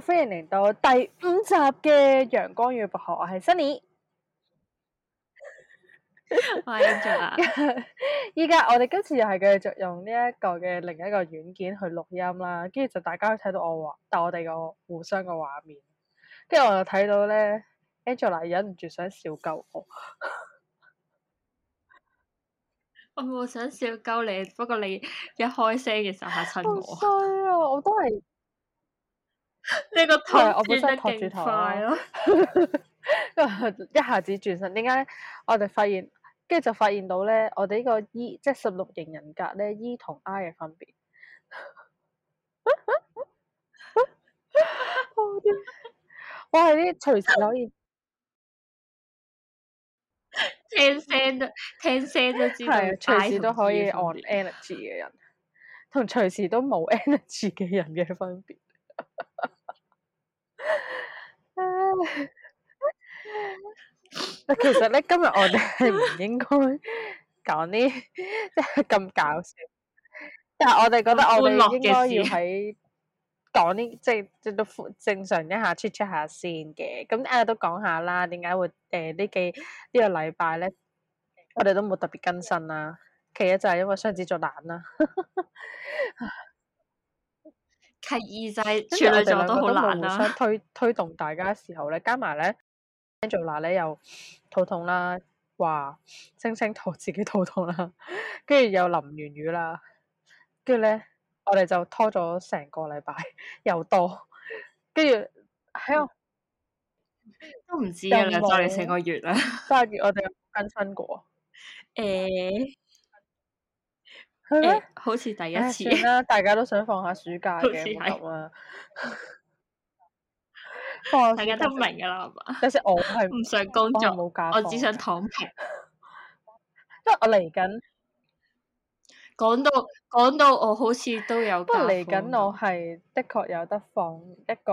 歡迎嚟到第五集嘅陽光與薄荷，我係 Sunny。 我係 Angela，依家 我哋今次又係繼續用呢一個嘅另一個軟件去錄音啦，跟住就大家可以睇到我畫，但我哋個互相嘅畫面，跟住我又睇到咧 Angela 忍唔住想笑鳩我， 我冇想笑鳩你，不過你一開聲嘅時候吓親我，好衰啊、 哦，我都係。呢個轉、 哎、我本身托住頭轉得勁快咯，因 為一下子轉身，點解咧？我哋發現，跟住就發現到咧，我哋呢個 E 即係十六型人格咧，E 同 I 嘅分別。我係啲隨時可以 聽聲都聽聲都知道、 嗯， 隨時都可以 on energy 嘅人，同隨 時都冇 energy 嘅人嘅分別。 其實咧，今日我哋係唔應該講啲即係咁搞笑。但係我哋覺得我哋應該要喺講啲即係正常一下 check check 下先嘅。咁、嗯、啊都講一下啦，點解會誒呢、呃、幾呢、呢個禮拜咧，我哋都冇特別更新啦，啊。其實就係因為雙子座懶啦。 刻意就係，跟住我哋兩個都難啦。互相推 推動大家嘅時候咧，加埋咧，Angela 咧又肚痛啦，話星星肚自己肚痛啦，跟住又淋完雨啦，跟住咧，我哋就拖咗成個禮拜又多，跟住喺，我都唔知啊，再嚟，成個月啦，三月我哋冇更新過誒。欸、好似第一次。算啦、欸，大家都想放下暑假嘅咁啊。說 大家都明噶啦。即使、哦、我係唔想工作，冇假我只想躺平。 因為我嚟緊，講到講到，到我好似都有。不過嚟緊，我係的確有得放一個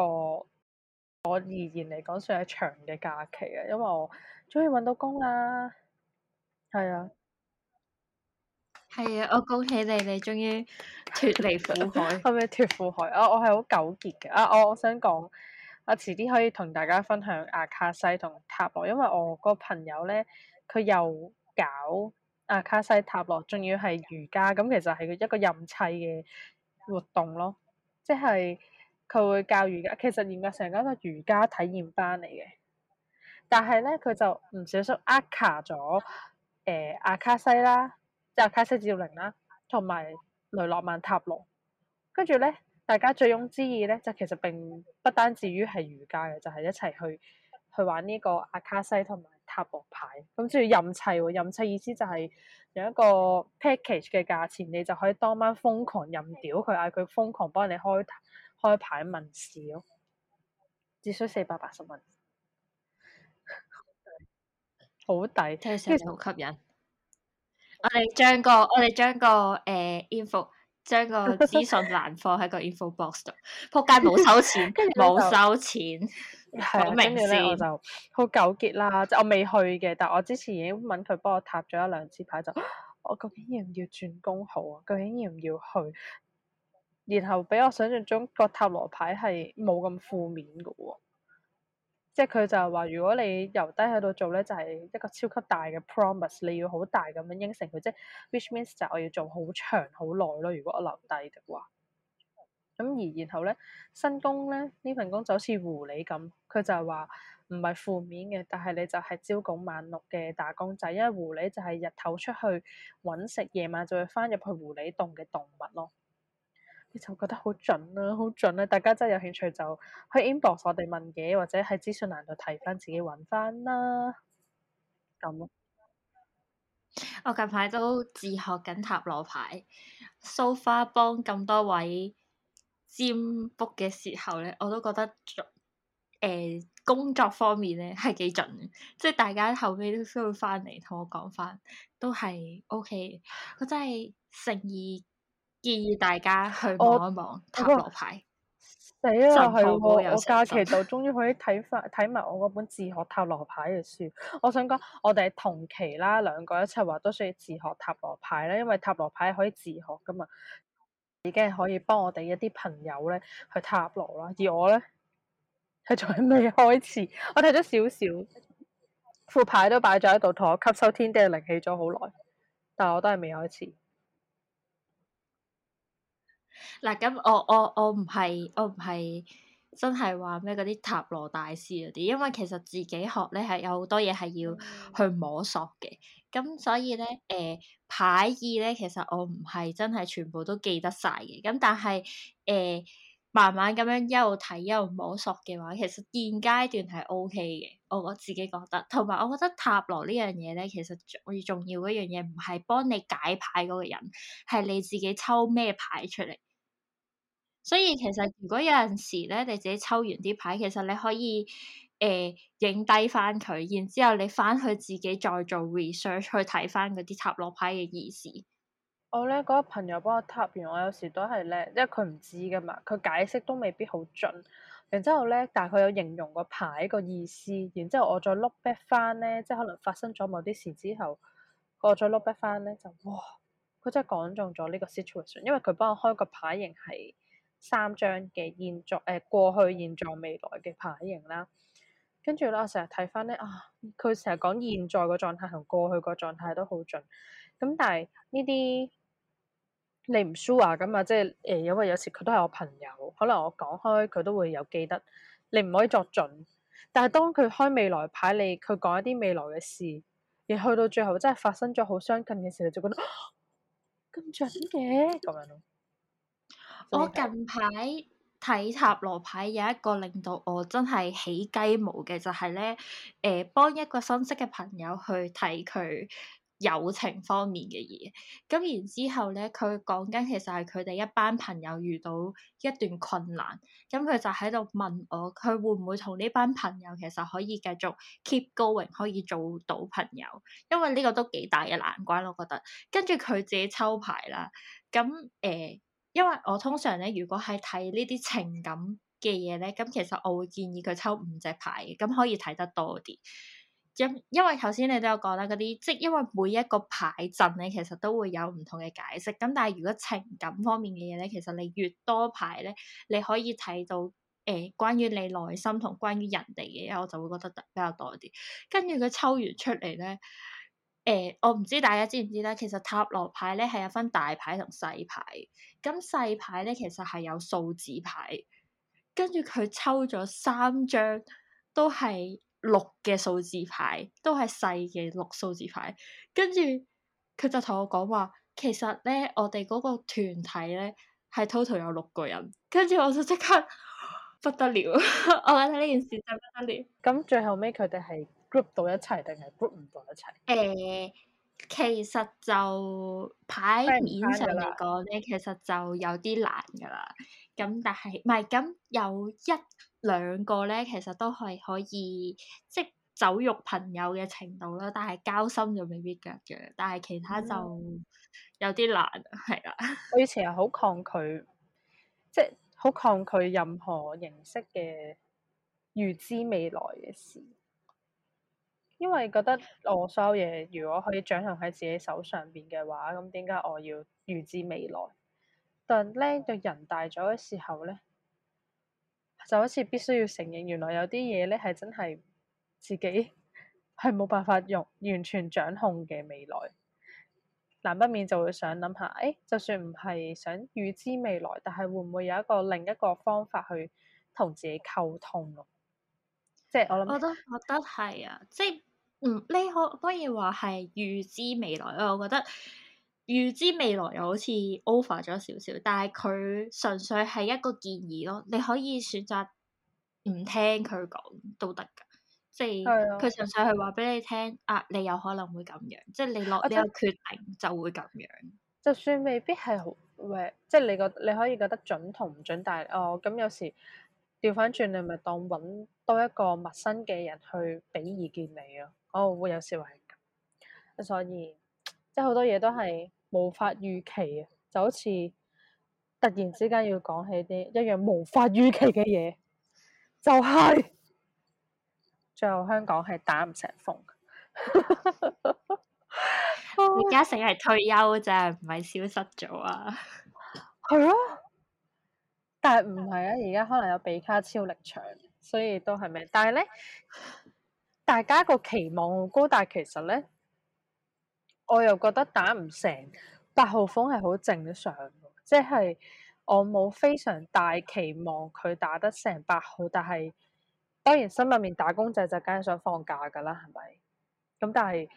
我而言嚟講算係長嘅假期啊，因為我終於搵到工啦，係啊。係啊！我恭喜你，你終於脫離苦海。係咪脫苦海、哦、啊？我係好糾結嘅啊！我我想講我遲啲可以同大家分享阿卡西同塔羅，因為我個朋友咧，佢又搞阿卡西塔羅，仲要係瑜伽咁，其實係一個任砌嘅活動咯，即係佢會教瑜伽。其實嚴格上都係一個瑜伽體驗班嚟嘅，但係咧佢就唔小心阿卡呃卡咗誒阿卡西啦。阿卡西照靈啦，同埋雷諾曼塔羅，跟住咧，大家醉翁之意咧，就其實並不單止於係瑜伽嘅，就係、是、一齊去去玩呢個阿卡西同埋塔羅牌。咁仲要任砌，任砌意思就係有一個 package 嘅價錢，你就可以當晚瘋狂任屌佢，嗌佢瘋狂幫你開開牌問事咯，只需四百八十蚊，好 抵算，聽起上嚟好吸引。我哋將個我哋將個誒、呃、info 將個資訊欄放喺個 info box 度，仆街冇收錢冇收錢。係我就好糾結啦，即我未去嘅，但我之前已經問佢幫我塔咗一兩次牌，就我究竟要唔要轉工好啊？究竟要唔要去？然後俾我想象中個塔羅牌係冇咁負面噶喎、哦。即係佢就係話，如果你由低喺度做咧，就係、是、一個超級大嘅 promise，你要好大咁樣應承佢，即係 which means 就我要做好長好耐咯。如果我留低嘅話，咁、嗯、而然後咧新工咧呢份工就好似狐狸咁，佢就係話唔係負面嘅，但係你就係朝九晚六嘅打工仔，因為狐狸就係日頭出去揾食，夜晚就會翻入去狐狸洞嘅動物咯。你就覺得好準啦、啊，好準啦、啊！大家真係有興趣就去 inbox 我哋問嘅，或者喺資訊欄度睇翻，自己揾翻啦咁咯。我近排都自學緊塔羅牌，So far 幫咁多位占卜嘅時候咧，我都覺得做、呃、工作方面咧係幾準嘅，即係大家後尾都需要翻嚟同我講翻，都係 OK。我真係誠意。建議大家去望一望塔羅牌。死啦、啊，係、哦、我假期就終於可以睇翻睇埋我嗰本自學塔羅牌嘅書。我想講，我哋同期啦，兩個一齊話都需要自學塔羅牌啦，因為塔羅牌可以自學噶嘛，已經係可以幫我哋一啲朋友咧去塔羅啦。而我咧係仲係未開始， 我睇咗少少副牌都擺咗喺度，同我吸收天地靈氣咗好耐，但係我都係未開始。嗱咁，我我我唔係我唔係真係話咩嗰啲塔羅大師嗰啲，因為其實自己學咧係有好多嘢係要去摸索嘅，咁所以咧誒、呃、牌意咧其實我唔係真係全部都記得晒嘅，咁但係誒、呃、慢慢咁樣一路睇一路摸索嘅話，其實現階段係 O K 嘅，我我自己覺得，同埋我覺得塔羅呢樣嘢咧，其實最重要嗰樣嘢唔係幫你解牌嗰個人，係你自己抽咩牌出嚟。所以其實如果有陣時咧，你自己抽完啲牌，其實你可以誒影低翻佢，然之後你翻去自己再做 research 去睇翻嗰啲塔羅牌嘅意思。我咧嗰、那個朋友幫我塔完，我有時都係咧，因為佢唔知噶嘛，佢解釋都未必好準。然之後咧，大概有形容個牌個意思，然之後我再碌 back 翻咧，即係可能發生咗某啲事之後，我再碌 back 翻咧就哇，佢真係講中咗呢個 situation，因為佢幫我開個牌型係。三張嘅現狀誒、呃、過去現狀未來嘅牌型啦，跟住咧我成日睇翻咧啊，佢成日講現在個狀態同過去個狀態都好準，咁但係呢啲你唔 sure 噶嘛，即係誒、呃，因為有時佢都係我朋友，可能我講開佢都會有記得，你唔可以作準。但係當佢開未來牌，你佢講一啲未來嘅事，而去到最後真係發生咗好相近嘅時候，你就覺得啊、咁準嘅咁樣。我近排睇塔羅牌有一個令到我真係起雞毛嘅，就係、是、咧，誒、呃、幫一個新識嘅朋友去睇佢友情方面嘅嘢。咁、嗯、然之後咧，佢講緊其實係佢哋一班朋友遇到一段困難，咁、嗯、佢就喺度問我，佢會唔會同呢班朋友其實可以繼續 keep going，可以做到朋友？因為呢個都幾大嘅難關我覺得。跟住佢自己抽牌啦，咁、嗯、誒。呃因為我通常咧，如果係睇呢啲情感嘅嘢咧，咁其實我會建議佢抽五隻牌嘅，咁可以睇得多啲。因因為頭先你都有講啦，嗰啲即因為每一個牌陣咧，其實都會有唔同嘅解釋。咁但係如果情感方面嘅嘢咧，其實你越多牌咧，你可以睇到誒、呃、關於你內心同關於人哋嘅嘢，我就會覺得得比較多啲。跟住佢抽完出嚟咧。誒、欸，我唔知大家知唔知啦。其實塔羅牌咧係有分大牌同細牌，咁細牌咧其實係有數字牌，跟住佢抽咗三張都係六嘅數字牌，都係細嘅六數字牌，跟住佢就同我講話，其實咧我哋嗰個團體咧係 total 有六個人，跟住我就即刻不得了， 我睇睇呢件事真係不得了。咁最後尾，佢哋係。group 到一齊定係 group 唔到一齊？誒、呃，其實就牌面上嚟講咧，呢其實就有啲難㗎啦。咁但係唔係咁有一兩個咧，其實都係可以，可以即酒肉朋友嘅程度啦。但係交心就未必夾嘅。但係其他就有啲難係啦。嗯、的我以前係好抗拒，即係好抗拒任何形式嘅預知未來嘅事。因為覺得我所有嘢如果可以掌控喺自己手上邊嘅話，咁點解我要預知未來？但咧，對人大咗嘅時候咧，就好似必須要承認，原來有啲嘢咧係真係自己係冇辦法用完全掌控嘅未來，難不免就會想諗下，誒、哎，就算唔係想預知未來，但係會唔會有一個另一個方法去同自己溝通咯？即係我諗，我都覺得係啊，即係。嗯，你可可以話係預知未來咯。我覺得預知未來又好似 offer 咗少少，但係佢純粹係一個建議咯。你可以選擇唔聽佢講都得㗎，即係佢純粹係話俾你聽。啊，你有可能會咁樣，即係你落呢個決定就會咁樣。就算未必係好，即係你覺你可以覺得準同唔準，但係哦，咁有時調返轉，你咪當揾多一個陌生嘅人去俾意見你啊。哦，oh, 會有時話咁，所以即係好多嘢都係無法預期啊！就好似突然之間要講起啲一,一樣無法預期嘅嘢，就係、是、最後香港係打唔成風。而家成日退休啫，唔係消失咗 啊！係咯，但係唔係啊？而家可能有比卡超力場，所以都係咪？但係咧。大家個期望好高，但係其實咧，我又覺得打唔成八號風係好正常，即係我冇非常大期望佢打得成八號。但係當然心入面打工仔就梗係想放假噶啦，係咪？咁但係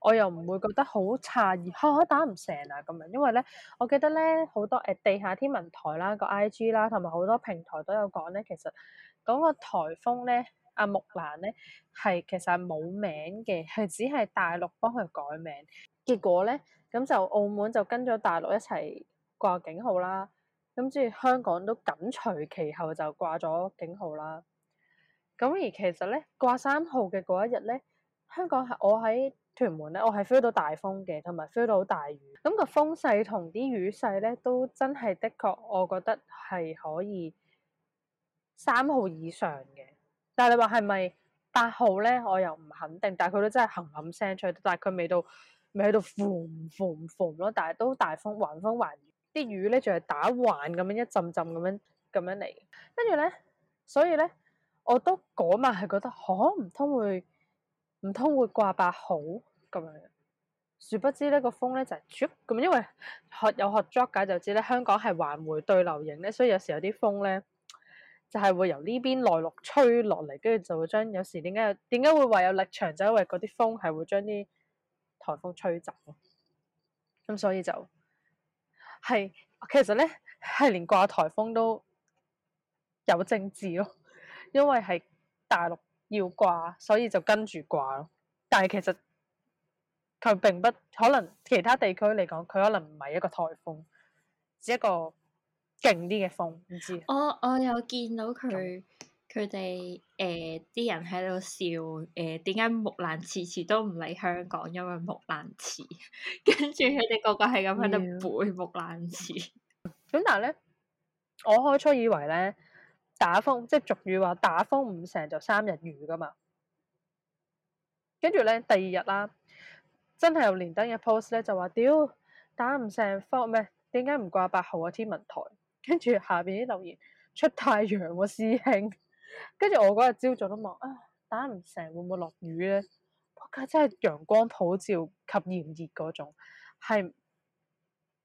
我又唔會覺得好詫異呵呵打唔成啊咁樣。因為咧，我記得咧好多誒、呃、地下天文台啦、個 I G 啦，同埋好多平台都有講咧，其實講、嗰個颱風咧。阿、啊、木蘭咧係其實冇名嘅，係只係大陸幫佢改名。結果咧咁就澳門就跟咗大陸一齊掛警號啦。咁即係香港都緊隨其後就掛咗警號啦。咁而其實咧掛三號嘅嗰一日咧，香港係我喺屯門咧，我係 feel 到大風嘅，同埋 feel 到大雨。咁、那個風勢同啲雨勢咧都真係的確，我覺得係可以三號以上嘅。但係你話係咪八號咧？我又唔肯定。但係佢都真係恆恆聲出去，但係佢未到，未喺度 boom boom boom 咯。但係都大風，橫風橫雨啲雨咧，仲係打橫咁樣一浸浸咁樣咁樣嚟。跟住咧，所以咧，我都嗰晚係覺得，嚇唔通會唔通會掛八號咁樣。殊不知咧，個風咧就係 jump 咁，因為學有學 job 解就知咧，香港係環迴對流型咧，所以有時有啲風咧。就係會由呢邊內陸吹落嚟，跟住就會將，有時點解點解會話有立場，就因為嗰啲風係會將啲颱風吹走咯。咁所以就係其實咧，係連掛颱風都有政治咯，因為係大陸要掛，所以就跟住掛咯。但係其實佢並不可能，其他地區嚟講，佢可能唔係一個颱風，只一個。勁啲嘅風，唔知我我有見到佢佢哋誒啲人喺度笑誒點解木蘭次次都唔嚟香港，因為木蘭詞 跟住佢哋個個係咁喺度背木蘭詞。咁、嗯、 但係咧，我開初以為咧，打風即係俗語話打風唔成就三日雨噶嘛，跟住咧第二日啦，真係有連登嘅 post 咧就話屌打唔成風咩？點解唔掛八號嘅天文台？跟住下邊啲留言，出太陽喎、啊，師兄。跟 住我嗰日朝早都望啊，打唔成會唔會落雨咧？仆街真係陽光普照及炎熱嗰種係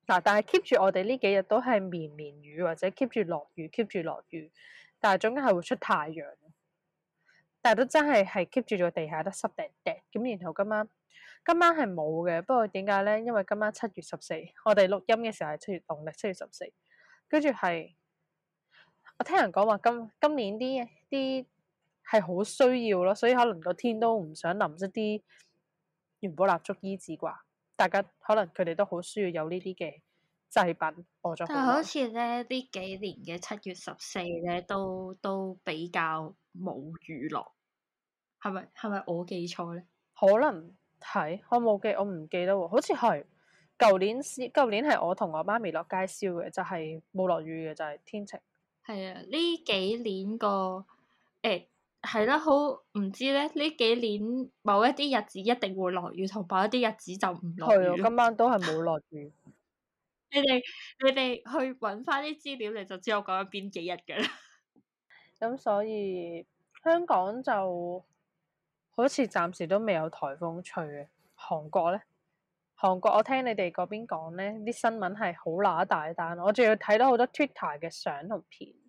嗱，但係 keep 住我哋呢幾日都係綿綿雨或者 keep 住落雨，keep 住落雨，但係總係係會出太陽。但係都真係係 keep 住咗地下得濕掟掟咁。然後今晚今晚係冇嘅，不過點解咧？因為今晚七月十四，我哋錄音嘅時候係七月農曆，七月十四。跟住係，我聽人講話今今年啲啲係好需要咯，所以可能個天都唔想淋一啲元寶蠟燭衣紙啩。大家可能佢哋都好需要有呢啲嘅祭品，我就好。但係好似咧呢幾年嘅七月十四咧，都都比較冇雨落，係咪係咪我記錯咧？可能係，我冇記，我唔記，記得喎，好似係。舊年，年是舊年係我同我媽咪落街燒嘅，就係冇落雨嘅，就係、是、天晴。係啊，呢幾年個誒係啦，好、欸、唔知咧呢幾年某一啲日子一定會落雨，同某一啲日子就唔落雨。今晚都係冇落雨。 你哋你哋去揾翻啲資料，你就知我講咗邊幾日嘅啦。咁所以香港就好似暫時都未有颱風吹嘅，韓國咧。韓國，我聽你哋嗰邊講咧，啲新聞係好拿大單，我仲要睇到好多 Twitter 嘅相同片、片，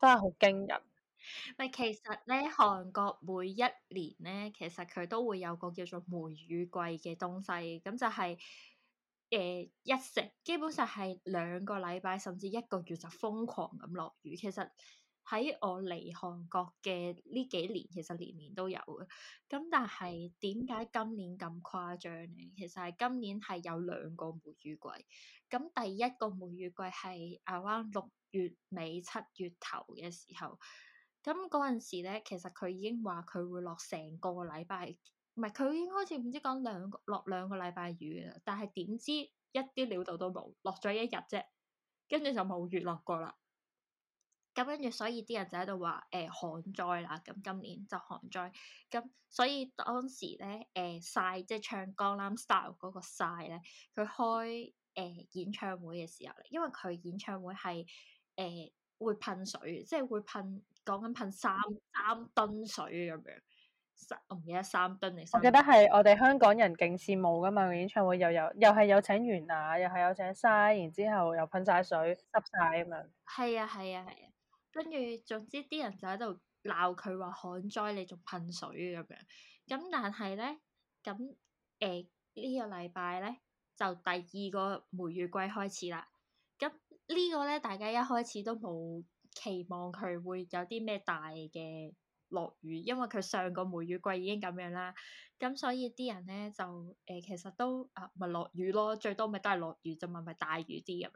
真係好驚人。唔係，其實咧，韓國每一年咧，其實佢都會有個叫做梅雨季嘅東西，咁就係、是、誒、呃、一食，基本上係兩個禮拜甚至一個月就瘋狂咁落雨。其實。喺我嚟韓國嘅呢幾年，其實年年都有嘅。咁但係點解今年咁誇張呢？其實係今年係有兩個梅雨季。咁第一個梅雨季係亞灣六月尾七月頭嘅時候，咁嗰陣時呢，其實佢已經話佢會落成個禮拜，唔係佢已經開始唔知講兩個落兩個禮拜雨啦。但係點知一啲料度都冇，落咗一日啫，跟住就冇雨落過啦。咁跟住，所以啲人就喺度話誒旱災啦。咁、呃、今年就旱災。咁、嗯、所以當時咧，誒、呃、曬即係唱江南 style 嗰個晒咧，佢開誒、呃、演唱會嘅時候，因為佢演唱會係誒、呃、會噴水，即係會噴講緊噴三三噸水咁樣。我唔記得三噸嚟。我記得係我哋香港人勁羨慕噶嘛，演唱會又有又係有請完娜、啊，又係有請晒，然之後又噴晒水濕晒咁樣。係啊，係啊，係啊。跟住，總之啲人就喺度鬧佢話旱災，你仲噴水咁樣。咁但係呢，咁誒呢個禮拜呢就第二個梅雨季開始啦。咁呢個呢，大家一開始都冇期望佢會有啲咩大嘅。落雨，因為佢上個梅雨季已經咁樣啦，咁所以啲人呢，就誒、呃，其實都啊，咪落雨咯，最多咪都係落雨就咪咪大雨啲咁樣。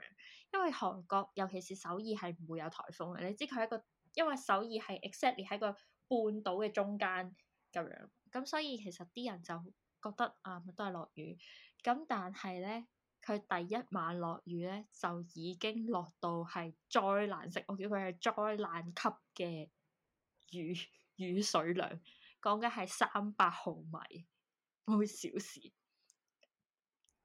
因為韓國尤其是首爾係唔會有颱風嘅，你知佢係一個，因為首爾係 exactly 喺個半島嘅中間咁樣，咁所以其實啲人就覺得啊，咪都係落雨。咁但係呢，佢第一晚落雨呢，就已經落到係災難式，我叫佢係災難級嘅雨。雨水量講嘅係三百毫米每小時，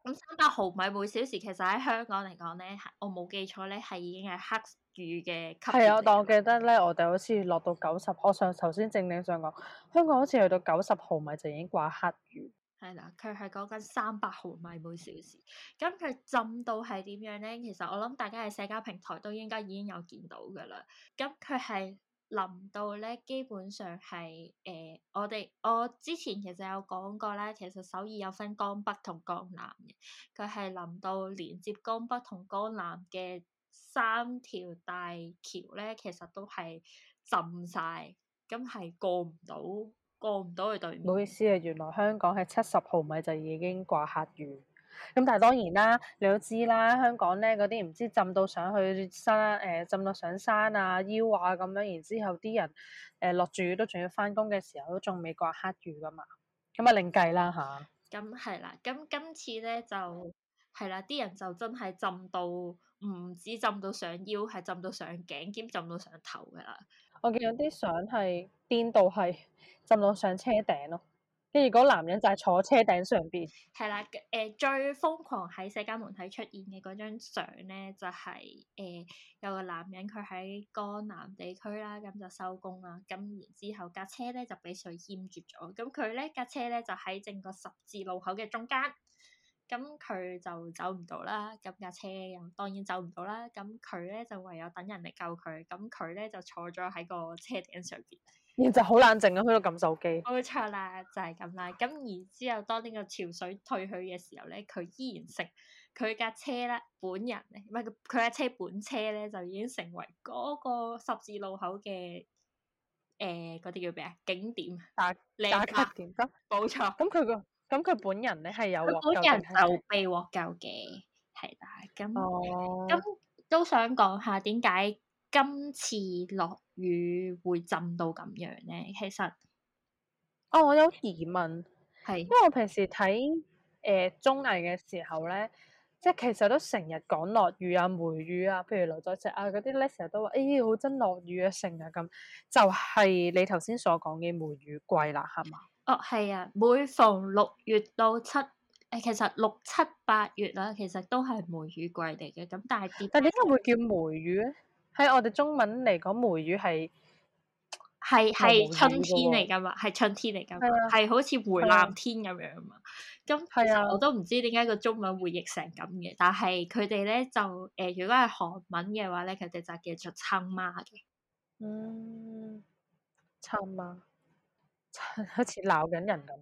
咁三百毫米每小時其實喺香港嚟講呢，我冇記錯呢係已經係黑雨嘅級。係啊，但我，我記得呢，我哋好似落到九十，我想頭先正正想講，香港好似去到九十毫米就已經掛黑雨。係啦，佢係講緊三百毫米每小時，咁佢浸到係點樣呢？其實我諗大家喺社交平台都應該已經有見到噶啦，咁佢係。淋到咧，基本上係誒、呃，我哋我之前其實有講過咧，其實首爾有分江北同江南嘅，佢係淋到連接江北同江南嘅三條大橋咧，其實都係浸晒，咁係過唔到，過唔到去對面。唔好意思啊，原來香港係七十毫米就已經掛黑雨。咁但係當然啦，你都知啦，香港咧，嗰啲唔知浸到上去山，誒、呃、浸到上山啊腰啊咁樣，然之後啲人誒落住雨都仲要翻工嘅時候都仲未掛黑雨噶嘛，咁啊另計啦吓，咁係啦，咁、啊嗯嗯、今次咧就係啦，啲人就真係浸到唔止浸到上腰，係浸到上頸，兼浸到上頭噶啦。我見有啲相係邊度係浸到上車頂咯。跟住嗰男人就係坐車頂上邊。係啦，誒、呃，最瘋狂喺社交媒體出現嘅嗰張相咧，就係、是、誒、呃、有個男人佢喺江南地區啦、啊，咁就收工啦，咁然之後架車咧就俾水淹住咗，咁佢咧架車咧就喺正個十字路口嘅中間，咁佢就走唔到啦，咁架車又當然走唔到啦，咁佢咧就唯有等人嚟救佢，咁佢咧就坐咗喺個車頂上邊。然後就好冷靜咁喺度撳手機，冇錯啦，就係、是、咁啦。咁而之後當呢個潮水退去嘅時候咧，佢依然食。佢架車咧，本人唔係佢架車本車咧，就已經成為嗰個十字路口嘅誒嗰啲叫咩啊景點打，打卡點。咁冇、啊、錯，咁佢個咁佢本人咧係有救，佢本人就未獲救嘅，係啦。咁咁、哦、都想講下點解今次落雨會浸到咁樣咧，其實，哦，我有疑問，係是，因為我平時睇誒、呃、綜藝嘅時候咧，即係其實都成日講落雨啊、梅雨啊，譬如劉在石啊嗰啲咧，成日都話，哎，好憎落雨啊，成日咁，就係、是、你頭先所講嘅梅雨季啦，係嘛？哦，係啊，每逢六月到七，誒，其實六七八月啊，其實都係梅雨季嚟嘅，咁但係，但係點解會叫梅雨咧？喺、哎、我哋中文嚟講，梅雨係係係春天嚟噶嘛，係春天嚟噶，係、啊、好似回南天咁樣嘛。咁、啊嗯、我都唔知點解個中文會譯成咁嘅，但係佢哋咧就誒、呃，如果係韓文嘅話咧，佢哋就叫做親媽嘅。嗯，親媽， 好似鬧緊人咁。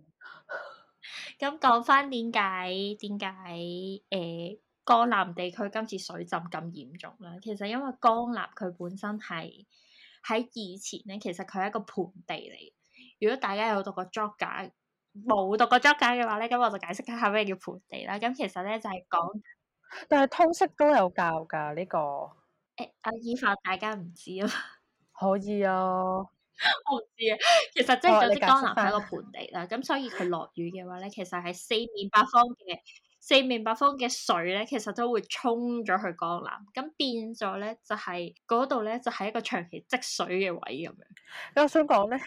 咁、 嗯、講返點解？點解？誒、呃？江南地區今次水浸咁嚴重咧，其實因為江南佢本身係喺以前咧，其實佢係一個盆地嚟。如果大家有讀過 Geog，冇讀過 Geog 嘅話咧，咁我就解釋一下咩叫盆地啦。咁其實咧就係、是、講，但係通識都有教噶呢、這個。誒、欸，阿、呃、爾法大家唔知啊？可以啊， 我唔知啊。其實即係就總之江南係一個盆地啦。咁、哦、所以佢落雨嘅話咧，其實係四面八方嘅。四面八方嘅水咧，其實都會沖咗去江南，咁變咗咧就係嗰度咧就係、是、一個長期積水嘅位咁樣。咁我想講咧，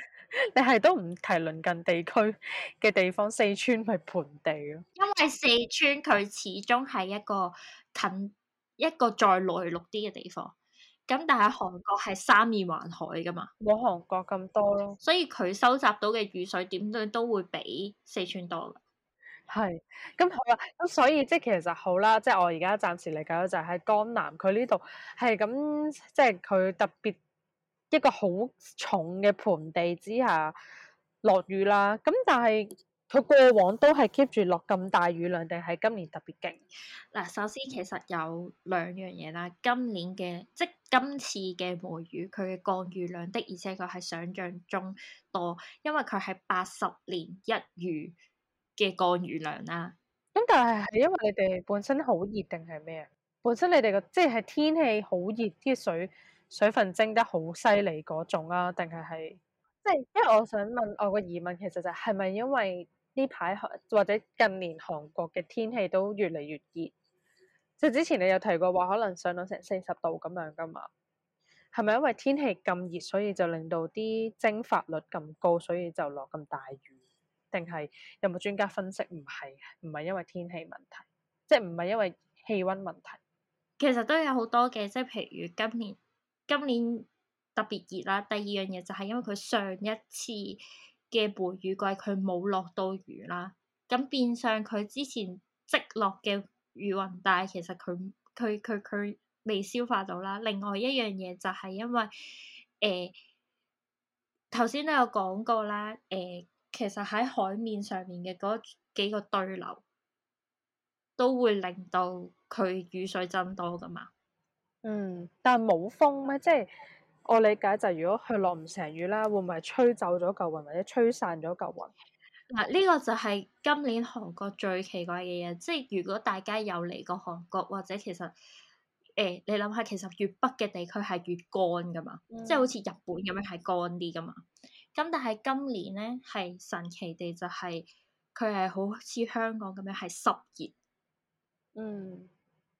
你係都唔提鄰近地區嘅地方，四川係盆地咯、啊？因為四川佢始終係一個近一個再內陸啲嘅地方，咁但係韓國係三面環海噶嘛，冇韓國咁多咯，所以佢收集到嘅雨水點都都會比四川多噶。係，咁好啦，咁所以即係其實好啦，即係我而家暫時嚟講就係喺江南佢呢度係咁，即係佢特別一個好重嘅盆地之下落雨啦。咁但係佢過往都係 keep 住落咁大雨量，定係今年特別勁？嗱，首先其實有兩樣嘢啦，今年嘅即係今次嘅梅雨，佢嘅降雨量的，而且佢係想象中多，因為佢係八十年一遇。嘅降雨量啦、啊，咁但係係因為你哋本身好熱定係咩啊？本身你哋個即係天氣好熱，啲水水分蒸得好犀利嗰種啊？定係係即係，因為我想問我個疑問，其實就係、是、咪因為呢排或或者近年韓國嘅天氣都越嚟越熱，即係之前你有提過話可能上到成四十度咁樣噶嘛？係咪因為天氣咁熱，所以就令到啲蒸發率咁高，所以就落咁大雨？定係有冇專家分析，唔係唔係因為天氣問題，即係唔係因為氣温問題？其實都有好多嘅，即係譬如今年今年特別熱啦。第二樣嘢就係因為佢上一次嘅梅雨季佢冇落到雨啦，咁變相佢之前積落嘅雨雲帶，但其實佢佢佢佢未消化到啦。另外一樣嘢就係因為誒頭先都有講過啦，誒、欸。其實喺海面上面嘅嗰幾個對流都會令到佢雨水增多噶嘛。嗯，但係冇風咩？即係我理解就係如果佢落唔成雨啦，會唔會吹走咗舊雲或者吹散咗舊雲？嗱、嗯，呢、啊呢個就係今年韓國最奇怪嘅嘢。即係如果大家有嚟過韓國，或者其實誒你諗下，其實越北嘅地區係越乾噶嘛，嗯、即係好似日本咁樣係乾啲噶嘛。咁但係今年咧，係神奇地就係佢係好似香港咁樣係濕熱，濕熱，嗯，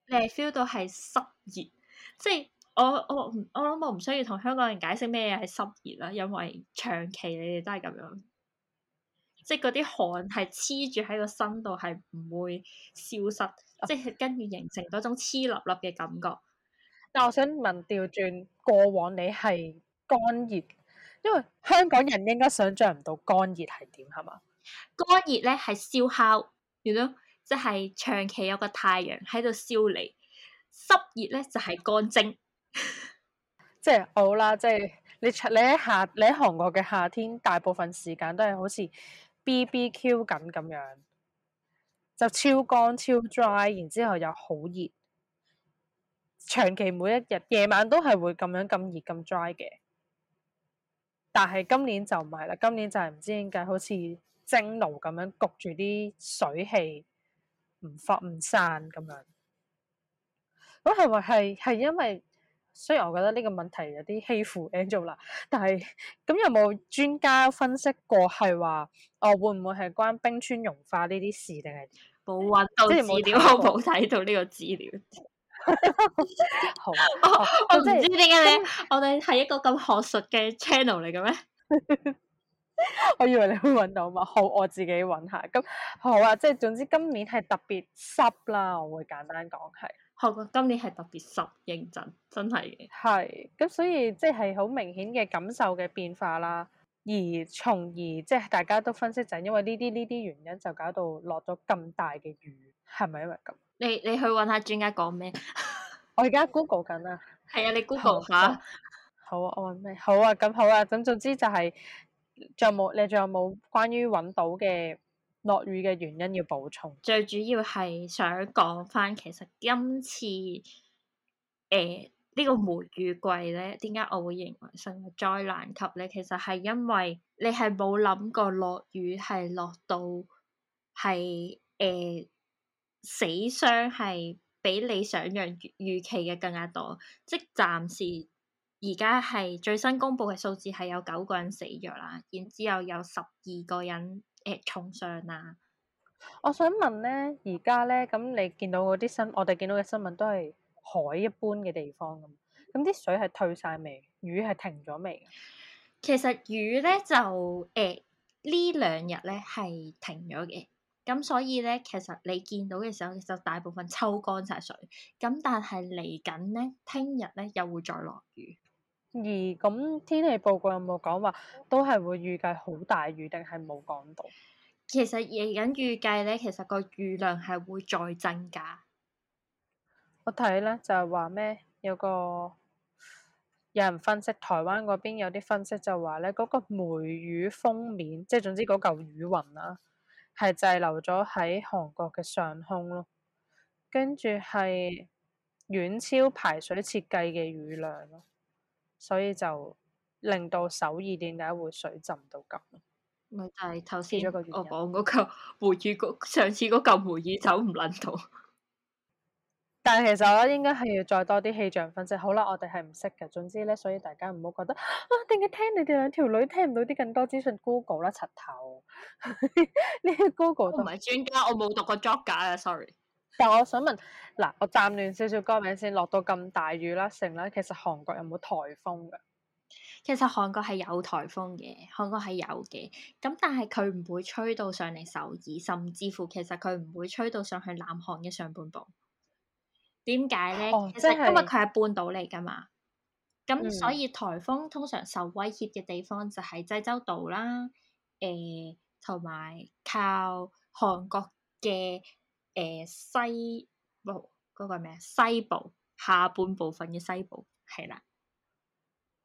你係 feel 到係濕熱，即係我我我諗我唔需要同香港人解釋咩嘢係濕熱啦，因為長期你哋都係咁樣，即係嗰啲汗係黐住喺個身度，係唔會消失，嗯，即係跟住形成嗰種黐粒粒嘅感覺。但我想問調轉過，過往你係乾熱。因為香港人應該想象唔到乾熱係點係嘛？乾熱咧係燒烤，you know，即係長期有個太陽喺度燒你。濕熱咧就係乾蒸， 即係好啦，即係你你喺夏，你喺韓國嘅夏天，大部分時間都係好似 B B Q 緊咁樣，就超乾超 dry，然之後又好熱，長期每一日夜晚都係會咁樣咁熱咁 dry 嘅。但係今年就唔係啦，今年就係唔知點解好似蒸爐咁樣焗住啲水氣，唔發唔散咁樣。咁係話係係因為，雖然我覺得呢個問題有啲欺負 Angela，但係咁有冇專家分析過係話，我、呃、會唔會係關冰川融化呢啲事定係冇啊？即係冇點好，冇睇到呢個資料。 好我我唔我我知點解呢， 我哋係一個咁學術嘅 channel 嚟嘅咩？ 我以為你會搵到嘛。好，我自己搵下。咁好啊，即係總之今年係特別濕啦。我會簡單講係，好啊，今年係特別濕，認真真係嘅。係咁，所以即係好明顯嘅感受嘅變化啦。而從而即係大家都分析就係因為呢啲呢啲原因就搞到落咗咁大嘅雨，係咪因為咁？你你去揾下專家講咩？ 我而家 Google 緊啊。係 啊，你 Google 下、啊 啊。好啊，我揾咩？好啊，咁好啊，咁總之就係、是，仲有冇？你仲有冇關於揾到嘅落雨嘅原因要補充？最主要係想講翻，其實今次，誒、呃、呢、這個梅雨季咧，點解我會認為成個災難級？咧？其實係因為你係冇諗過落雨係落到係誒。呃死傷係比你想象預期嘅更加多，即係暫時而家係最新公布嘅數字係有九個人死咗啦，然之後有十二個人誒、呃、重傷啦。我想問咧，而家咧咁你見到嗰啲新，我哋見到嘅新聞都係海一般嘅地方咁，咁啲水係退晒未？雨係停咗未？其實雨咧就誒、呃、呢兩日咧係停咗嘅。咁所以咧，其實你見到嘅時候，就大部分抽乾晒水。咁但係嚟緊咧，聽日咧又會再落雨。而咁天氣報告有冇講話都係會預計好大雨，定係冇講到其預計？其實嚟緊預計咧，其實個雨量係會再增加。我睇咧就係話咩？有個有人分析台灣嗰邊有啲分析就話咧，嗰、那個梅雨封面，即係總之嗰嚿雨雲啦、啊。係滯留咗喺韓國嘅上空咯，跟住係遠超排水設計嘅雨量咯，所以就令到首爾點解會水浸到咁？咪就係頭先我講嗰嚿梅雨，嗰上次嗰嚿梅雨走唔甩到。 但係其實咧，應該係要再多啲氣象分析。好啦，我哋係唔識嘅，總之咧，所以大家唔好覺得啊，點解聽你哋兩條女聽唔到啲咁多資訊？Google 啦，柒頭呢 個 Google 同埋係專家，我冇讀過作家啊，sorry。但係我想問嗱，我暫亂少少歌名先，落到咁大雨啦，成啦，其實韓國有冇台風噶？其實韓國係有台風嘅，韓國係有嘅，咁但係佢唔會吹到上嚟首爾，甚至乎其實佢唔會吹到上去南韓嘅上半部。點解咧？其實因為佢係半島嚟噶嘛，咁、嗯、所以颱風通常受威脅嘅地方就係濟州島啦，誒同埋靠韓國嘅誒、呃西、哦嗰個、西部嗰個咩西部下半部分嘅西部，係啦，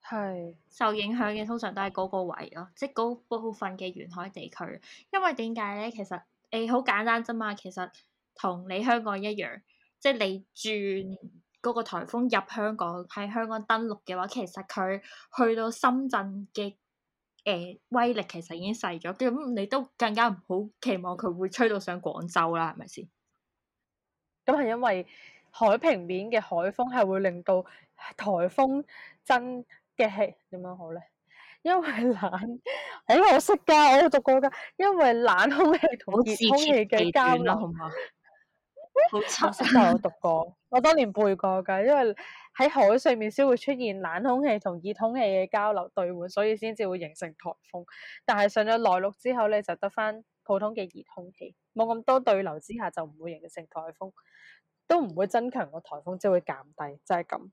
係是受影響嘅通常都係嗰個位咯，即係嗰部分嘅沿海地區。因為點解咧？其實誒好、呃、簡單啫嘛，其實同你香港一樣。即係你轉嗰個颱風入香港喺香港登陸嘅話，其實佢去到深圳嘅，誒、呃、威力其實已經細咗，咁你都更加唔好期望佢會吹到上廣州啦，係咪先？咁係因為海平面嘅海風係會令到颱風真嘅，點樣好咧？因為冷、哎，我識噶，我讀過噶，因為冷空氣同熱空氣嘅交流。 好熟悉， 我讀過， 我當年背過噶，因為喺海上面先會出現冷空氣同熱空氣嘅交流對換，所以先至會形成颱風。但係上咗內陸之後咧，就得翻普通嘅熱空氣，冇咁多對流之下就唔會形成颱風，都唔會增強個颱風，只會減低，就係咁。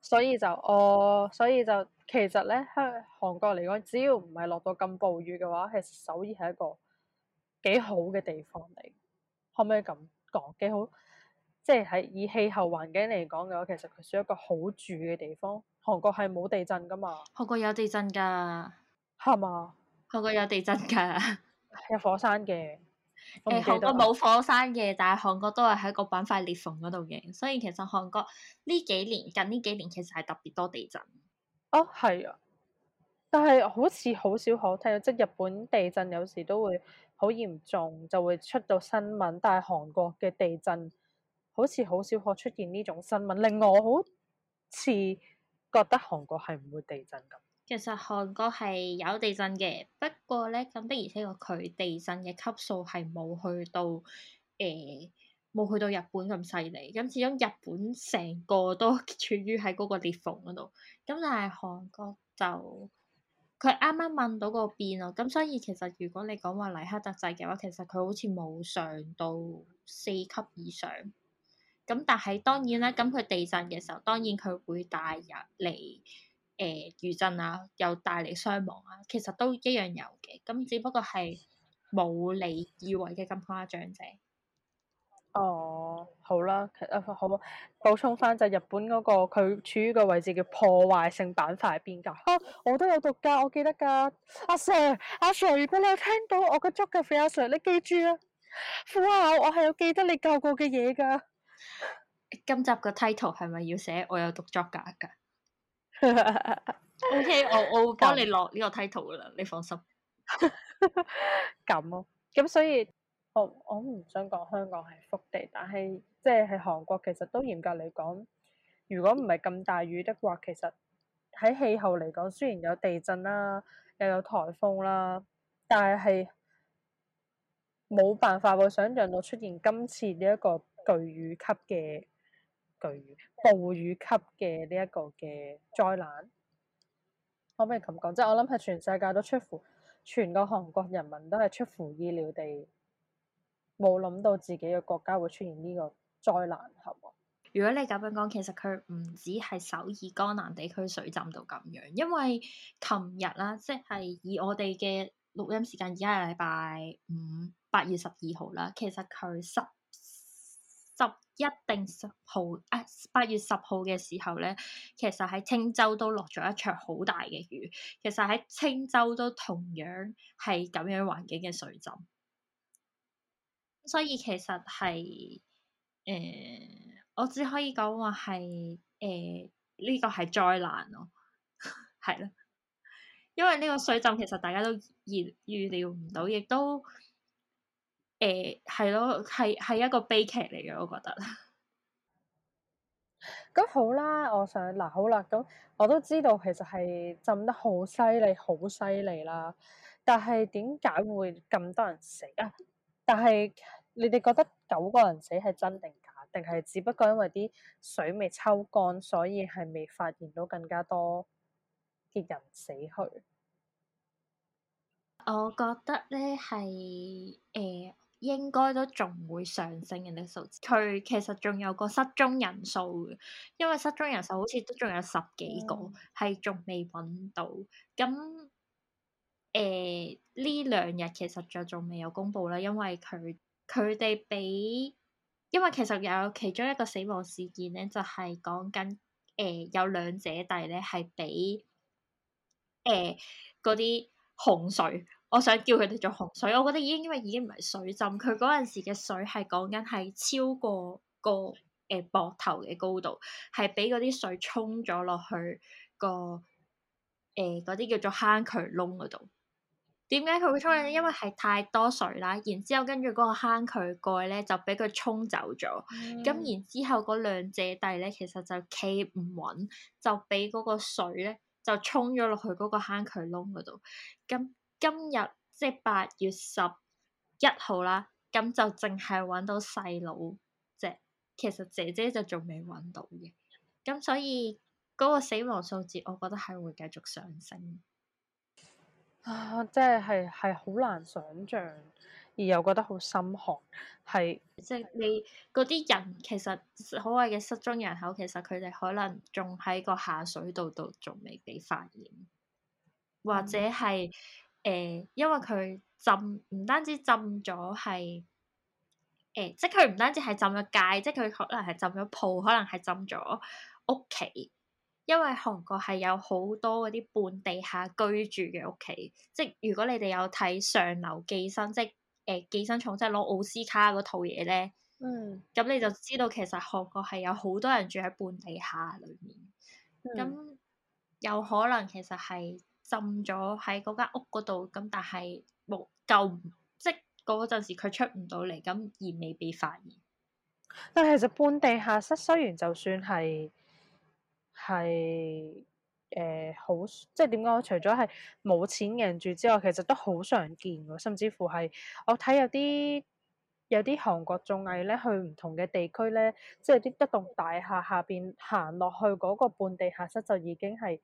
所以就哦、呃，所以就其實咧，喺韓國嚟講，只要唔係落到咁暴雨嘅話，其實首爾係一個幾好嘅地方嚟。可唔可以咁講幾好？即係喺以氣候環境嚟講嘅話，其實佢算一個好住嘅地方。韓國係冇地震噶嘛？韓國有地震㗎，係嘛？韓國有地震㗎，有火山嘅。誒，韓國冇火山嘅，但係韓國都係喺個板塊裂縫嗰度嘅，所以其實韓國呢幾年，近呢幾年其實係特別多地震。哦，係啊，但係好似好少可聽，即係日本地震有時都會。好嚴重就會出到新聞，但係韓國嘅地震好似好少可出現呢種新聞，令我好似覺得韓國係唔會地震咁。其實韓國係有地震嘅，不過咧，咁的而且確佢地震嘅級數係冇去到誒冇、欸、去到日本咁犀利，咁始終日本成個都處於喺嗰個裂縫嗰度，咁但係韓國就。佢啱啱問到個邊咯，咁所以其實如果你講話黎克特制嘅話，其實佢好似冇上到四級以上。咁但係當然啦，咁佢地震嘅時候，當然佢會帶入嚟誒餘震啊，又帶嚟傷亡啊，其實都一樣有嘅，咁只不過係冇你以為嘅咁誇張啫。哦，好啦，啊好啊，補充翻就日本嗰、那個佢處於個位置叫破壞性板塊喺邊㗎？啊、哦，我都有讀㗎，我記得㗎。阿 Sir，阿 Sir，如果你有聽到我嘅足嘅，阿 Sir，你記住啊。副校，我係有記得你教過嘅嘢㗎。今集個 title 係咪要寫我有讀作家㗎？OK，我我會幫你落呢個 title 啦， 你放心。咁 咯、 啊，咁所以。我唔想講香港係福地，但係即係喺韓國其實都嚴格嚟講，如果唔係咁大雨的話，其實喺氣候嚟講，雖然有地震啦，又有，有颱風啦，但係冇辦法會想象到出現今次呢一個巨雨級嘅巨雨暴雨級嘅呢一個嘅災難。可唔可以咁講，即係我諗係全世界都出乎全個韓國人民都係出乎意料地。冇諗到自己嘅國家會出現呢個災難，係嘛？如果你咁樣講，其實佢唔止係首爾江南地區水浸到咁樣，因為琴日啦，即係以我哋嘅錄音時間，而家係禮拜五，八月十二號啦。其實佢十十一定十號誒，啊，八月十號嘅時候咧，其實喺青州都落咗一場好大嘅雨。其實喺青州都同樣係咁樣環境嘅水浸。所以其實係誒、呃，我只可以講話係誒，呢、呃呢個係災難咯，係 咯。因為呢個水浸其實大家都預預料唔到，亦都誒係咯，係、呃、係一個悲劇嚟嘅，我覺得。咁好啦，我想嗱、啊、好啦，咁我都知道其實係浸得好犀利，好犀利啦。但係點解會咁多人死啊？但係你哋覺得九個人死係真定假，定係只不過因為啲水未抽乾，所以係未發現到更加多嘅人死去？我覺得咧係誒，應該都仲會上升人哋數字。佢其實仲有個失蹤人數，因為失蹤人數好似都仲有十幾個，係仲未揾到。咁誒呢兩日其實就仲未有公布啦，因為佢。佢哋俾，因為其實有其中一個死亡事件咧，就係講緊誒有兩姐弟咧係俾誒嗰啲洪水，我想叫佢哋做洪水，我覺得已經因為已經唔係水浸，佢嗰陣時嘅水係講緊係超過個誒膊頭嘅高度，係俾嗰啲水沖咗落去個誒嗰啲叫做坑渠窿嗰度。點解佢會沖嘅咧？因為係太多水啦，然之後跟住嗰個坑渠蓋咧就俾佢沖走咗，咁、嗯、然之後嗰兩姐弟咧其實就企唔穩，就俾嗰個水咧就沖咗落去嗰個坑渠窿嗰度。咁今、就是、日即係八月十一號啦，咁就淨係揾到細佬隻，其實姐姐就仲未揾到嘅。咁所以嗰個死亡數字，我覺得係會繼續上升。啊！即係係係好難想像，而又覺得好心寒。係即係你嗰啲人，其實所謂嘅失蹤人口，其實佢哋可能仲喺個下水道度，仲未被發現，或者係誒、嗯呃，因為佢浸唔單止浸咗，係、呃、誒，即係佢唔單止係浸咗街，即係佢可能係浸咗鋪，可能係浸咗屋企。因為韓國係有好多嗰啲半地下居住嘅屋企，即如果你哋有睇《上流寄生》即係、呃、寄生蟲即係攞奧斯卡嗰套嘢咧，嗯，咁你就知道其實韓國係有好多人住喺半地下裏面，咁、嗯、有可能其實係浸咗喺嗰間屋嗰度，咁但係冇救，即係嗰陣時佢出唔到嚟，咁而未被發現。但係其實半地下室雖然就算係。係誒、呃、好，即係點講？除咗係冇錢嘅人住之外，其實都好常見喎。甚至乎係我睇有啲有啲韓國綜藝咧，去唔同嘅地區咧，即係啲一棟大廈下邊行落去嗰個半地下室就已經係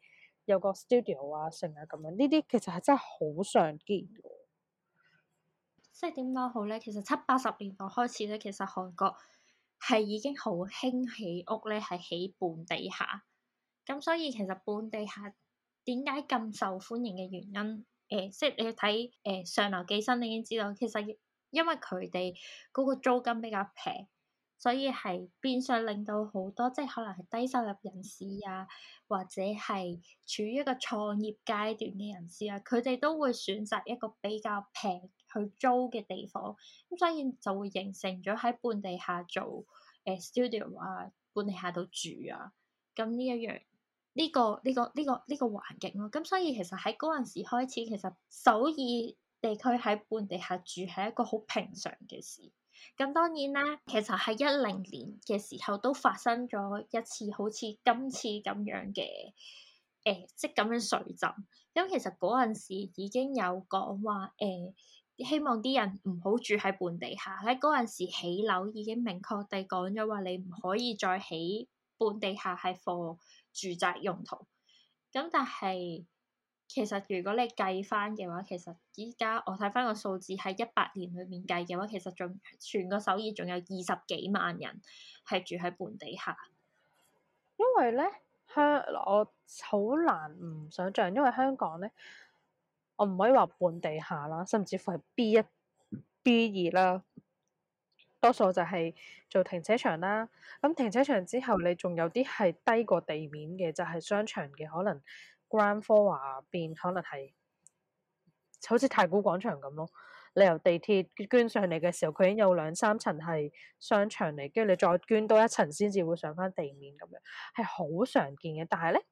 有個 studio 啊，成日咁樣。呢啲其實係真係好常見嘅。即係點講好咧？其實七八十年代開始咧，其實韓國係已經好興起屋咧，係起半地下。咁所以其實半地下點解咁受歡迎嘅原因，誒、呃，即係你要睇誒上樓幾身，你已經知道，其實因為佢哋嗰個租金比較平，所以係變相令到好多，即係可能係低收入人士啊，或者係處於一個創業階段嘅人士啊，佢哋都會選擇一個比較平去租嘅地方，咁所以就會形成咗喺半地下做誒、呃、studio 啊，半地下度住啊，咁呢一樣。呢、呢個呢，呢個呢個呢個環境咯，咁所以其實喺嗰陣時開始，其實首爾地區喺半地下住係一個好平常嘅事。咁當然啦，其實喺一零年嘅時候都發生咗一次好似今次咁樣嘅，誒、呃，即咁樣水浸。咁其實嗰陣時已經有講話，誒、呃，希望啲人唔好住喺半地下。喺嗰陣時起樓已經明確地講咗話，你唔可以再起，半地下係 for 住宅用途，咁但係其實如果你計返嘅話，其實依家我睇翻個數字喺一百年裏面計嘅話，其實仲全個首爾仲有二十幾萬人係住喺半地下。因為咧香嗱，我好難唔想象，因為香港咧，我唔可以話半地下啦，甚至乎係 B 一、B 二啦。多數就係做停車場啦，咁停車場之後你仲有啲係低過地面嘅，就係、是、商場嘅，可能 Grand Park 啊變可能係好似太古廣場咁咯。你由地鐵捐上嚟嘅時候，佢已經有兩三層係商場嚟，跟住你再捐多一層先至會上翻地面咁樣，係好常見嘅。但係咧，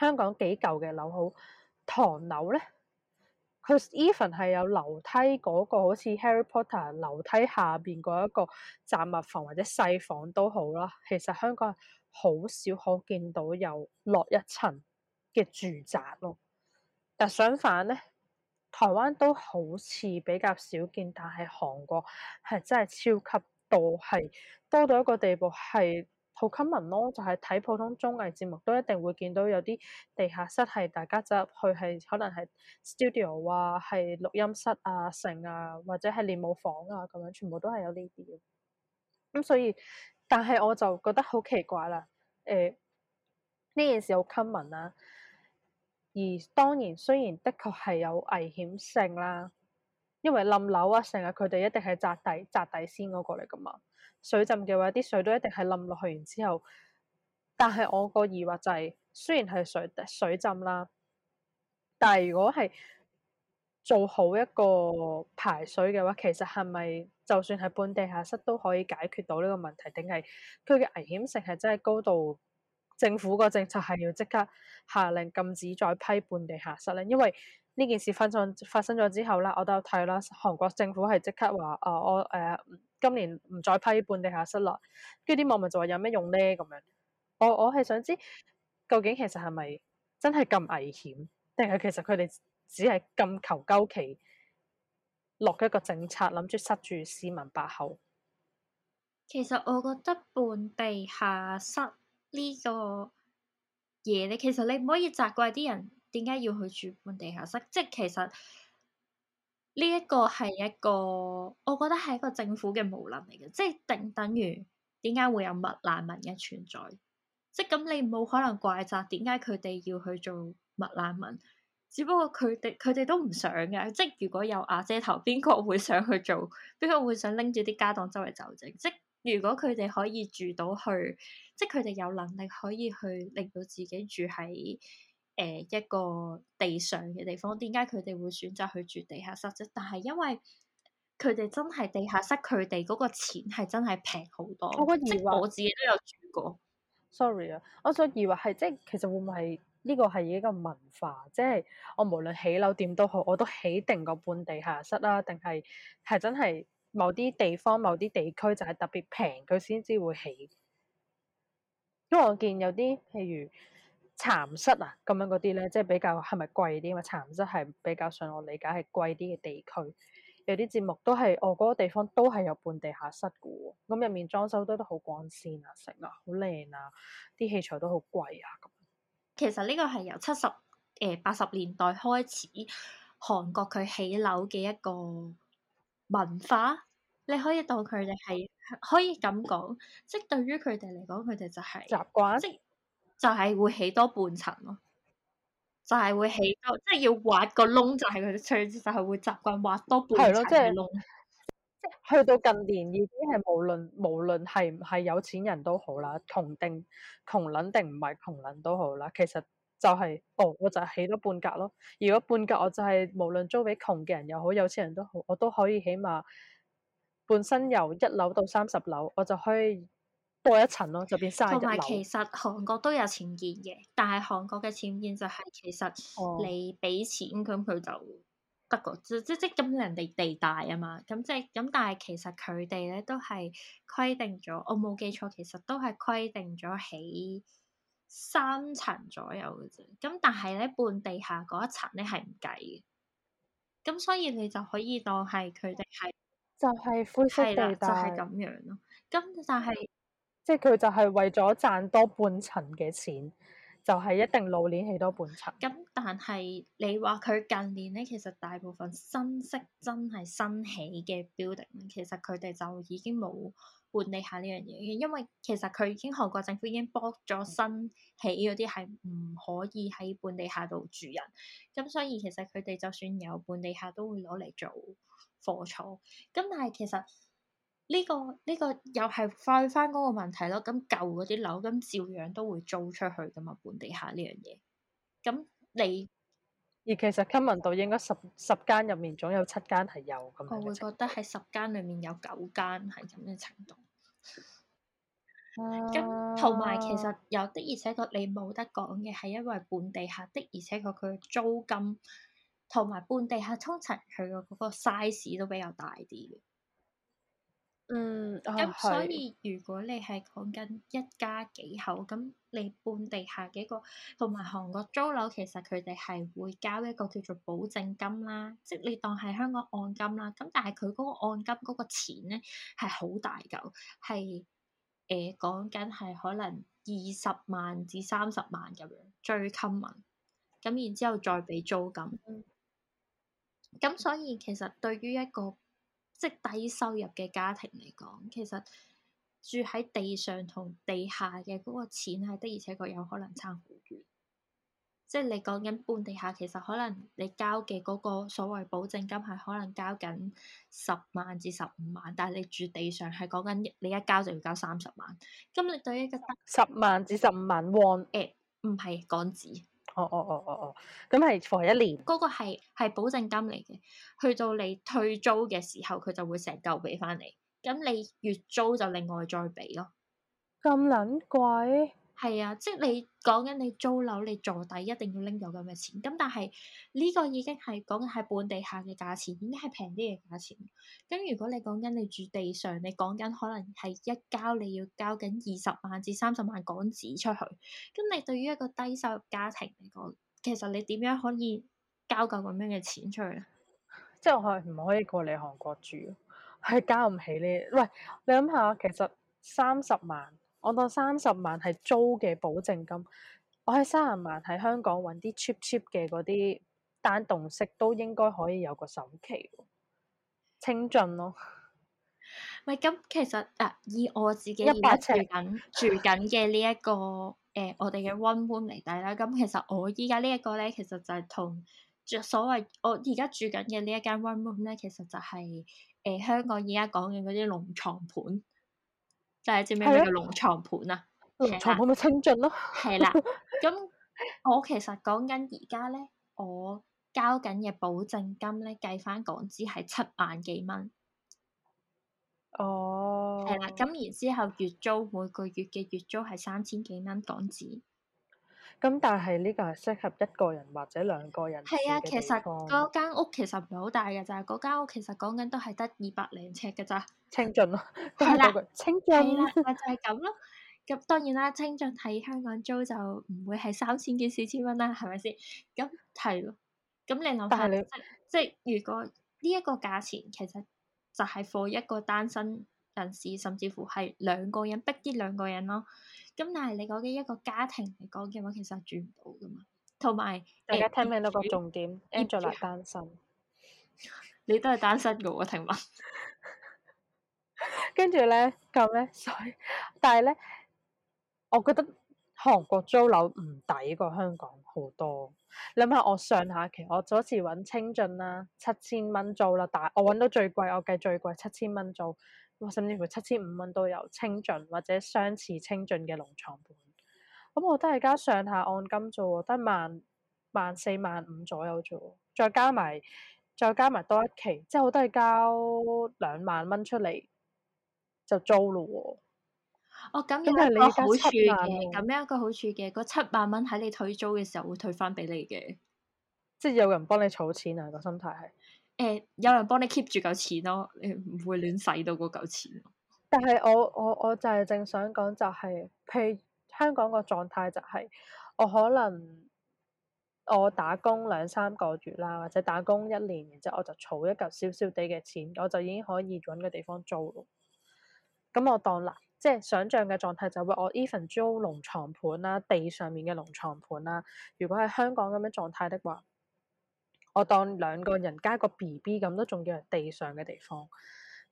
香港幾舊嘅樓好唐樓咧。佢 even 係有樓梯嗰個，好似 Harry Potter 樓梯下邊嗰一個雜物房或者細房都好啦。其實香港係好少可見到有落一層嘅住宅咯。但相反咧，台灣都好似比較少見，但係韓國係真係超級多，係多到一個地步係。好 common 咯，就係、是、睇普通綜藝節目都一定會見到有啲地下室係大家走入去係可能係 studio 啊、係錄音室啊、成啊或者係練舞房啊咁樣，全部都係有呢啲嘅。咁所以，但係我就覺得好奇怪啦。誒、呃，呢件事好 common 啦。而當然，雖然的確係有危險性啦。因為冧樓啊，成日佢哋一定係扎底扎底先嗰個嚟噶嘛。水浸嘅話，啲水都一定係冧落去然之後。但係我個疑惑就係、是，雖然係水水浸啦，但係如果係做好一個排水嘅話，其實係咪就算係半地下室都可以解決到呢個問題？定係佢嘅危險性係真係高到政府個政策係要即刻下令禁止再批半地下室咧？因為呢件事發生發生咗之後啦，我都有睇啦。韓國政府係即刻話，誒、哦，我誒、呃、今年唔再批半地下室啦。跟住啲網民就話：有咩用咧？咁樣我我係想知，究竟其實係咪真係咁危險，定係其實佢哋只係咁求鳩其落一個政策，諗住塞住市民八口。其實我覺得半地下室呢個嘢，你其實你唔可以責怪啲人。點解要去住半地下室？即係其實呢一個係一個，我覺得係一個政府嘅無能嚟嘅，即係等等於點解會有麥難民嘅存在？即係咁，你冇可能怪責點解佢哋要去做麥難民，只不過佢哋佢哋都唔想嘅。即係如果有瓦遮頭，邊個會想去做？邊個會想拎住啲家當周圍走整？即如果佢哋可以住到去，即係佢哋有能力可以去令到自己住喺。誒一個地上嘅地方，點解佢哋會選擇去住地下室啫？但係因為佢哋真係地下室，佢哋嗰個錢係真係平好多。我覺得我自己都有住過。Sorry 啊，我想疑惑係即係其實會唔會係呢個係一個文化，即係我無論起樓點都好，我都起定個半地下室啦，定係係真係某啲地方、某啲地區就係特別平，佢先至會起。因為我見有啲譬如。蠶室啊，咁樣嗰啲咧，即係比較係咪貴啲啊？蠶室係比較上我理解係貴啲嘅地區。有啲節目都係哦，嗰、嗰個地方都係有半地下室嘅喎，咁入面裝修都得好光鮮啊，食啊，好靚啊，啲器材都好貴啊咁樣，其實呢個係由七十誒八十年代開始，韓國佢起樓嘅一個文化，你可以當佢哋係可以咁講，即係對於佢哋嚟講，佢哋就係、係、習慣。就係會起多半層咯，就係、是、會起多，的即係要挖個窿，就係佢出，就係會習慣挖多半層嘅窿。即係去到近年，已經係無論無論係係有錢人都好啦，窮定窮撚定唔係窮撚都好啦，其實就係、是，哦，我就係起多半格咯。如果半格，我就係、是、無論租俾窮嘅人又好，有錢人都好，我都可以起碼半身由一樓到三十樓，我就可以。多一層咯，就變三樓。同埋其實韓國都有僭建嘅，但係韓國嘅僭建就係其實你畀錢咁佢、哦、就得噶，即即即咁人哋地大啊嘛，咁即咁但係其實佢哋咧都係規定咗，我冇記錯，其實都係規定咗起三層左右嘅啫。咁但係咧半地下嗰一層咧係唔計嘅。咁所以你就可以當係佢哋係就係灰色地帶，就係、是、咁樣咯。咁但係。嗯即係佢就係為咗賺多半層嘅錢，就係、是、一定老年起多半層。咁、嗯、但係你話佢近年咧，其實大部分新式真係新起嘅 building，其實佢哋就已經冇半地下呢樣嘢，因為其實佢已經韓國政府已經博咗新起嗰啲係唔可以喺半地下度住人。咁所以其實佢哋就算有半地下，都會攞嚟做貨倉。咁但係其實呢、這個呢、這個又係快翻嗰個問題咯。咁舊嗰啲樓咁，照樣都會租出去噶嘛。半地下呢樣嘢，咁、嗯、你而其實，Common 度應該十十間入面總有七間係有咁嘅程度。我會覺得喺十間裡面有九間係咁嘅程度。咁同埋其實有的，而且佢你冇得講嘅係因為本地半地下的，而且佢佢租金同埋半地下通常佢個嗰個 size 都比較大啲嘅。嗯，咁、嗯、所以如果你係講緊一家幾口，咁你半地下幾個同埋韓國租樓，其實佢哋係會交一個叫做保證金啦，即係你當係香港按金啦。咁但係佢嗰個按金嗰個錢咧，係好大嚿，係誒講緊係可能二十萬至三十萬咁樣最 common。咁然之後再俾租金。咁所以其實對於一個即低收入嘅家庭嚟講，其實住喺地上同地下嘅嗰個錢係的，而且確有可能差好遠。即係你講緊半地下，其實可能你交嘅嗰個所謂保證金係可能交緊十萬至十五萬，但係你住地上係講緊你一交就要交三十萬。咁你對一個十萬至十五萬，won，哎唔係港紙。哦哦哦哦哦，咁係放一年。嗰個係保證金嚟嘅，去到你退租嘅時候，佢就會成嚿俾翻你。咁你月租就另外再俾咯。咁撚貴？係啊，即係你講緊你租樓，你坐底一定要拎到咁嘅錢。咁但係呢個已經係講緊係半地下嘅價錢，已經係平啲嘅價錢。咁如果你講緊你住地上，你講緊可能係一交你要交緊二十萬至三十萬港紙出去。咁你對於一個低收入家庭嚟講，其實你點樣可以交夠咁樣嘅錢出去呢？即係我係唔可以過嚟韓國住，係交唔起呢？喂，你諗下，其實三十萬。我當三十萬係租嘅保證金，我喺三十萬喺香港揾啲 che cheap cheap 嘅嗰啲單棟式都應該可以有個首期、哦、清進咯。咪咁其實啊，以我自己而家住緊一百尺住緊嘅呢一個誒、呃，我哋嘅 one room 嚟計啦，咁其實我依家呢一個咧，其實就係同著所謂我而家住緊嘅呢一間 one room 咧，其實就係、是、誒、呃、香港而家講嘅嗰啲農床盤。但係知唔知咩叫做龍床盤啊？龍、嗯、的床盤咪清進咯。係 啦，咁我其實講緊而家咧，我交緊嘅保證金咧，計翻港紙係七萬幾蚊。哦。係啦，咁然後之後月租每個月嘅月租係三千幾蚊港紙。咁、嗯、但係呢個係適合一個人或者兩個人嘅地方。係啊，其實嗰間屋其實唔係好大嘅，就係嗰間屋其實講緊都係得二百零尺嘅咋。清進咯，係 啦，清進，係啦，就係、是、咁咯。咁當然啦，清進喺香港租就唔會係三千幾、四千蚊啦，係咪先？咁係咯，咁你諗下，即係如果呢一個價錢其實就係 for 一個單身。陣時甚至乎係兩個人逼啲兩個人咯。咁但係你講嘅一個家庭嚟講嘅話，其實係住唔到噶嘛。同埋，大家聽唔聽到個重點？Angela 單身，你都係單身噶喎，聽聞。跟住咧咁咧，所以但係咧，我覺得韓國租樓唔抵過香港好多。你諗下，我上下期我嗰時搵清進啦，七千蚊租啦，但係我搵到最貴，我計最貴七千蚊租。甚至乎七千五蚊都有清進或者相似清進嘅農床本，咁我都係交上下按金做，得萬萬四萬五左右啫，再加埋再加埋多一期，即係我都係交兩萬蚊出嚟就租咯喎。哦，咁呢個係你個好處嘅，咁樣一個好處嘅，嗰七萬蚊喺你退租嘅時候會退翻俾你嘅，即係有人幫你儲錢啊個心態係。誒、嗯，有人幫你 keep 住嚿錢咯，你唔會亂使到嗰嚿錢。但係我我我就係正想講就係、是，譬如香港個狀態就係、是，我可能我打工兩三個月啦，或者打工一年，然之後我就儲一嚿少少啲嘅錢，我就已經可以揾個地方租。咁我當嗱，即、就、係、是、想像嘅狀態就係，我 even 租農床盤啦，地上面嘅農床盤啦，如果係香港咁樣狀態的話。我當兩個人加個 B B 咁，都仲要係地上嘅地方。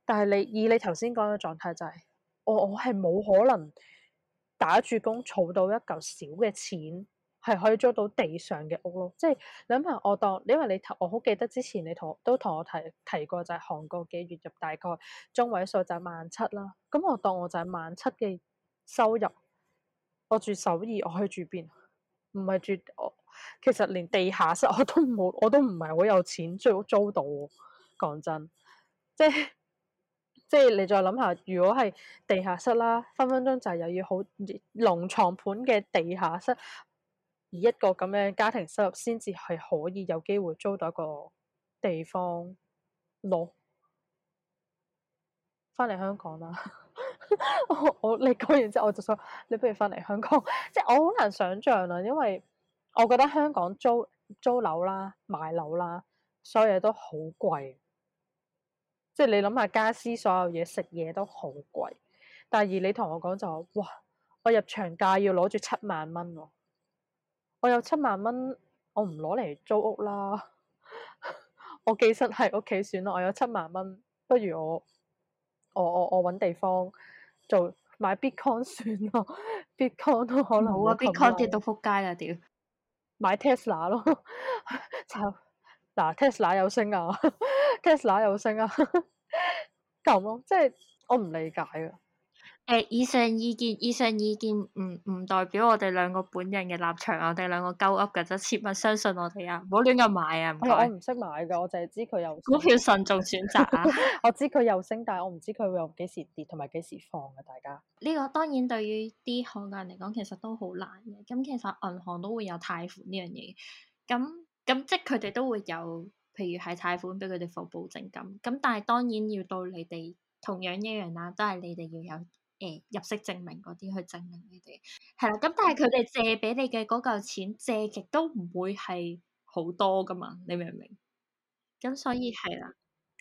但係你以你頭先講嘅狀態，就係，就係我我係冇可能打住工儲到一嚿少嘅錢，係可以租到地上嘅屋咯。即係諗下我當，因為你頭我好記得之前你同都同我提提過，就係韓國嘅月入大概中位數就係萬七啦。咁我當我就係萬七嘅收入，我住首爾，我去住邊？唔係住我。其實連地下室我都冇，我都唔係好有錢租租，租到。講真，即係即係你再諗下，如果係地下室啦，分分鐘就係又要好農床盤嘅地下室，以一個咁樣家庭收入，先至係可以有機會租到一個地方落翻嚟香港啦。 我我你講完之後，我就想你不如翻嚟香港，即係我好難想象啦，因為。我覺得香港租租樓啦、買樓啦，所有嘢都好貴。即係你諗下家私，所有嘢食嘢都好貴。但係而你同我講就話：哇！我入場價要攞住七萬蚊喎，哦。我有七萬蚊，我唔攞嚟租屋啦。 我寄身喺屋企算啦。我有七萬蚊，不如我我我我揾地方做買 Bitcoin 算咯。Bitcoin 都，啊嗯、可能好啊！Bitcoin 跌到撲街啦！屌！ 買 Tesla 咯，就嗱 Tesla 又升啊，Tesla 又升啊，咁咯，即係我唔理解啊。誒，uh, 以上意見，以上意見唔唔、嗯、代表我哋兩個本人嘅立場，我哋兩個鳩噏噶，即切勿相信我哋啊，唔好亂咁買啊！我唔識買噶，我就係知佢有股票慎重選擇啊！我知佢有升，但係我唔知佢會用幾時跌，同埋幾時放噶、啊，大家呢個當然對於啲香港人嚟講，其實都好難嘅。咁其實銀行都會有貸款呢樣嘢，咁咁即佢哋都會有，譬如係貸款俾佢哋做保證金。咁但係當然要到你哋同樣一樣啦，都係你哋要有。入息證明嗰啲去證明你哋係啦，咁但係佢哋借畀你嘅嗰嚿錢借極都唔會係好多噶嘛，你明唔明？咁所以係啦，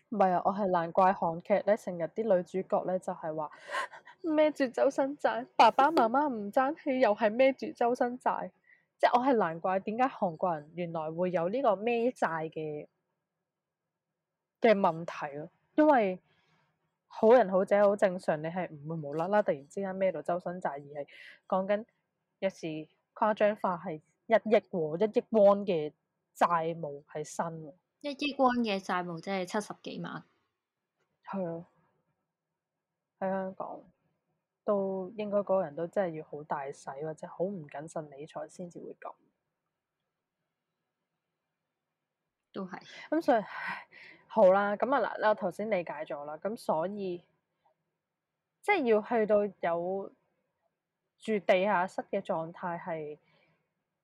唔係啊，我係難怪韓劇咧成日啲女主角咧就係話孭住周身債，爸爸媽媽唔爭氣 又係孭住周身債，即係我係難怪點解韓國人原來會有呢個孭債嘅嘅問題咯，因為。好人好者好正常，你係唔會無啦啦突然之間孭到周身債，而係講緊一時誇張化係一億一億 won 嘅債務係新嘅。一億 won 嘅債務即係、就是、七十幾萬。係啊，喺香港都應該個人都真係要好大使，或者好唔謹慎理財先至會咁。都係是。咁所以。好啦，咁啊嗱，我頭先理解咗啦，咁所以即係要去到有住地下室嘅狀態係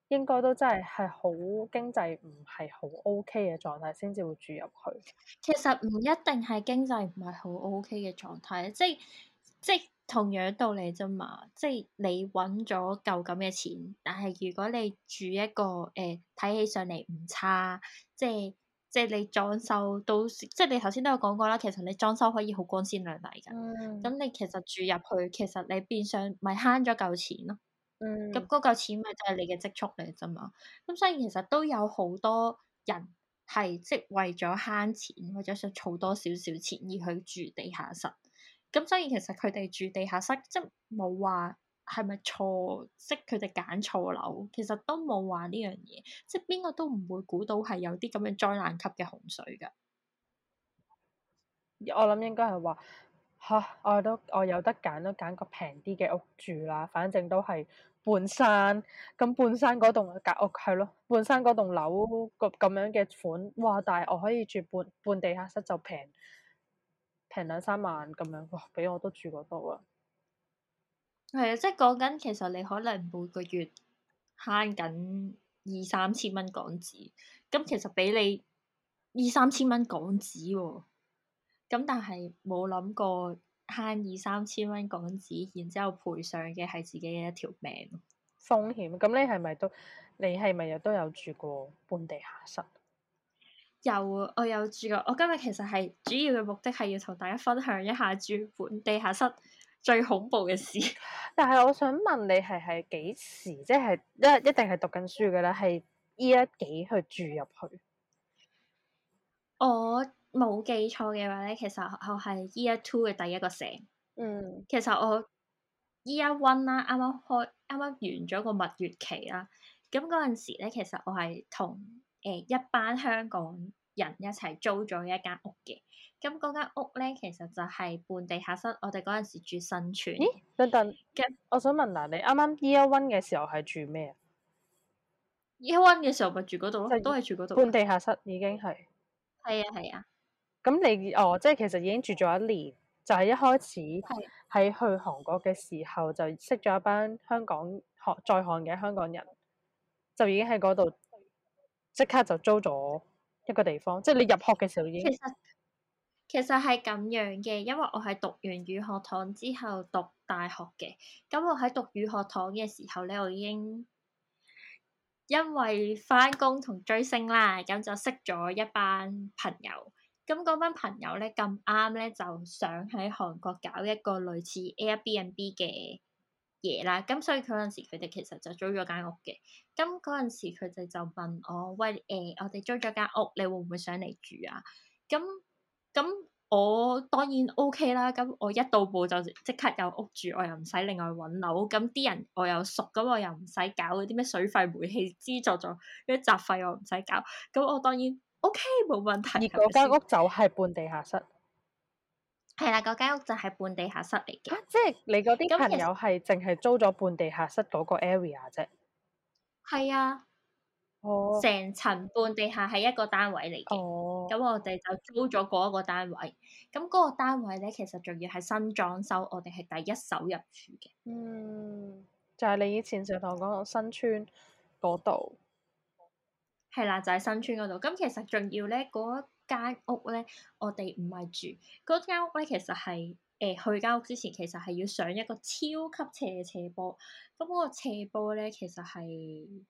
應該都真係係好經濟唔係好 OK 嘅狀態先至會住入去。其實唔一定係經濟唔係好 OK 嘅狀態，即係即係同樣道理啫嘛。即係你揾咗夠咁嘅錢，但係如果你住一個誒睇、呃、起上嚟唔差，即係。即係你裝修到，即係你頭先都有講過啦。其實你裝修可以好光鮮亮麗噶，咁、嗯、你其實住入去，其實你變相咪慳咗嚿錢咯。咁嗰嚿錢咪就係你嘅積蓄嚟啫嘛。咁所以其實都有好多人係即係為咗慳錢，或者想儲多少少錢而去住地下室。咁所以其實佢哋住地下室即冇話。係咪錯？識佢哋揀錯樓，其實都冇話呢樣嘢，即係邊個都唔會估到係有啲咁樣災難級嘅洪水噶。我諗應該係話吓，我都我有得揀都揀個平啲嘅屋住啦。反正都係半山，咁半山嗰棟隔屋係咯，半山嗰棟樓個咁樣嘅款，哇！但係我可以住半半地下室就平平兩三萬咁樣，哇！俾我都住嗰度啊。係啊，即係講緊，其實你可能每個月慳緊二三千蚊港紙，咁其實畀你二三千蚊港紙喎，咁但係冇諗過慳二三千蚊港紙，然之後賠上嘅係自己嘅一條命風險。咁你係咪都？你係咪都有住過半地下室？有啊，我有住過。我今日其實係主要嘅目的係要同大家分享一下住半地下室最恐怖嘅事 。但係我想問你係係幾時？即係一一定係讀緊書嘅咧？係 year 幾去住入去？我冇記錯嘅話咧，其實我係 year two 嘅第一個 semester。嗯， 其實我 year one 啦，啱啱開，啱啱完咗個蜜月期啦。咁嗰陣時咧，其實我係同誒一班香港。人一齊租咗一間屋嘅，咁嗰間屋咧其實就係半地下室。我哋嗰陣時住新村。咦，等等，我想問嗱，你啱啱 year one 嘅時候係住咩啊？year one 嘅時候咪住嗰度咯，都係住嗰度。半地下室已經係。係啊係啊。咁、啊、你哦，即係其實已經住咗一年，就係、是、一開始喺去韓國嘅時候就識咗一班香港在韓嘅香港人，就已經喺嗰度即刻就租咗。一個地方，即係你入學嘅時候已經。其實其實係咁樣嘅，因為我係讀完語學堂之後讀大學嘅。咁我喺讀語學堂嘅時候咧，我已經因為返工同追星啦，咁就識咗一班朋友。咁嗰班朋友咧，咁啱咧，就想喺韓國搞一個類似 Airbnb 嘅。嘢啦，咁所以佢嗰陣時佢哋其實就租咗間屋嘅。咁嗰陣時佢哋就問我：喂，誒，我哋租咗間屋，你會唔會想嚟住啊？咁咁我當然 OK 啦。咁我一到埗就即刻有屋住，我又唔使另外揾樓。咁啲人我又熟，咁我又唔使搞嗰啲咩水費、煤氣資助咗嗰啲雜費，我唔使搞。咁我當然 OK，冇問題。而嗰間屋就係半地下室。係啦，那個間屋就係半地下室嚟嘅啊。即係你嗰啲朋友係淨係租咗半地下室嗰個 area 啫。係啊。哦。成層半地下係一個單位嚟嘅。哦。咁我哋就租咗嗰一個單位。咁嗰個單位咧，其實仲要係新裝修，我哋係第一手入住嘅。嗯，就係、是、你以前成堂同講新村嗰度。係啦，就係、是、新村嗰度。咁其實仲要咧嗰。那個間屋咧，我哋唔係住嗰間屋咧，其實係誒、呃、去間屋之前，其實係要上一個超級斜嘅斜坡。咁、那、嗰個斜坡咧，其實係誒、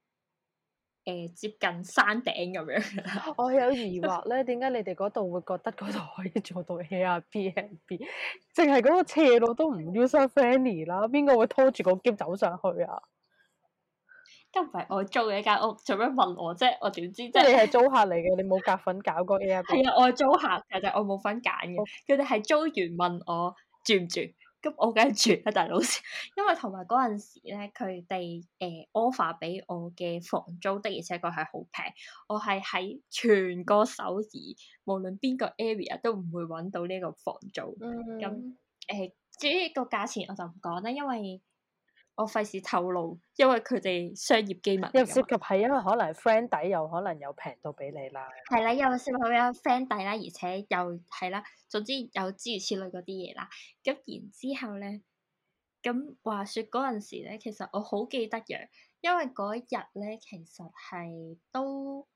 呃、接近山頂咁樣。我有疑惑咧，點解 你哋嗰度會覺得嗰度可以做到 Airbnb，淨係嗰個斜路都唔 user friendly 啦，邊個會拖住個喼走上去啊？都唔係我租嘅一間屋，做咩問我啫？我點知？即係你係租客嚟嘅， 你冇夾份搞過個嘢？係啊，我係租客，其實我冇份揀嘅。佢哋係租完問我住唔住？咁我梗係住啦，大佬。因為同埋嗰陣時咧，佢哋誒 offer 俾我嘅房租的，而且確係好平。我係喺全個首爾，無論邊個 area 都唔會揾到呢個房租。咁誒、嗯呃、至於個價錢，我就唔講啦，因為。我費事透露，因為佢哋商業機密。又涉及係因為可能 friend 底，有可能有平到俾你啦。係啦吧，又涉及有 friend 底啦，而且又係啦，總之有諸如此類嗰啲嘢啦。咁然之後咧，咁話説嗰陣時咧，其實我好記得嘅，因為嗰日咧其實係都，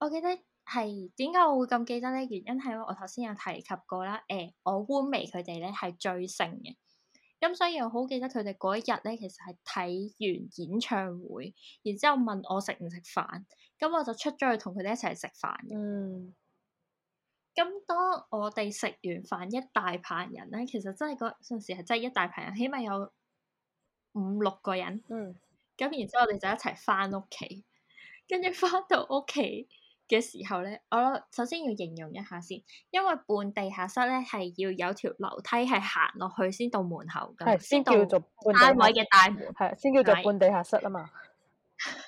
我記得係點解我會咁記得咧？原因係我頭先有提及過啦。誒、欸，我污微佢哋咧係最盛嘅。咁所以我好記得佢哋嗰一日咧，其實係睇完演唱會，然之後問我食唔食飯，咁我就出咗去同佢哋一齊食飯。嗯。咁當我哋食完飯，一大棚人咧，其實真係嗰陣時係真係一大棚人，起碼有五六個人。嗯。咁然之後我哋就一齊返屋企，跟住返到屋企嘅時候咧，我首先要形容一下先，因為半地下室咧，係要有條樓梯係行落去先到門口嘅，先叫做單位嘅大門，係才到 先叫做半地下室啊嘛。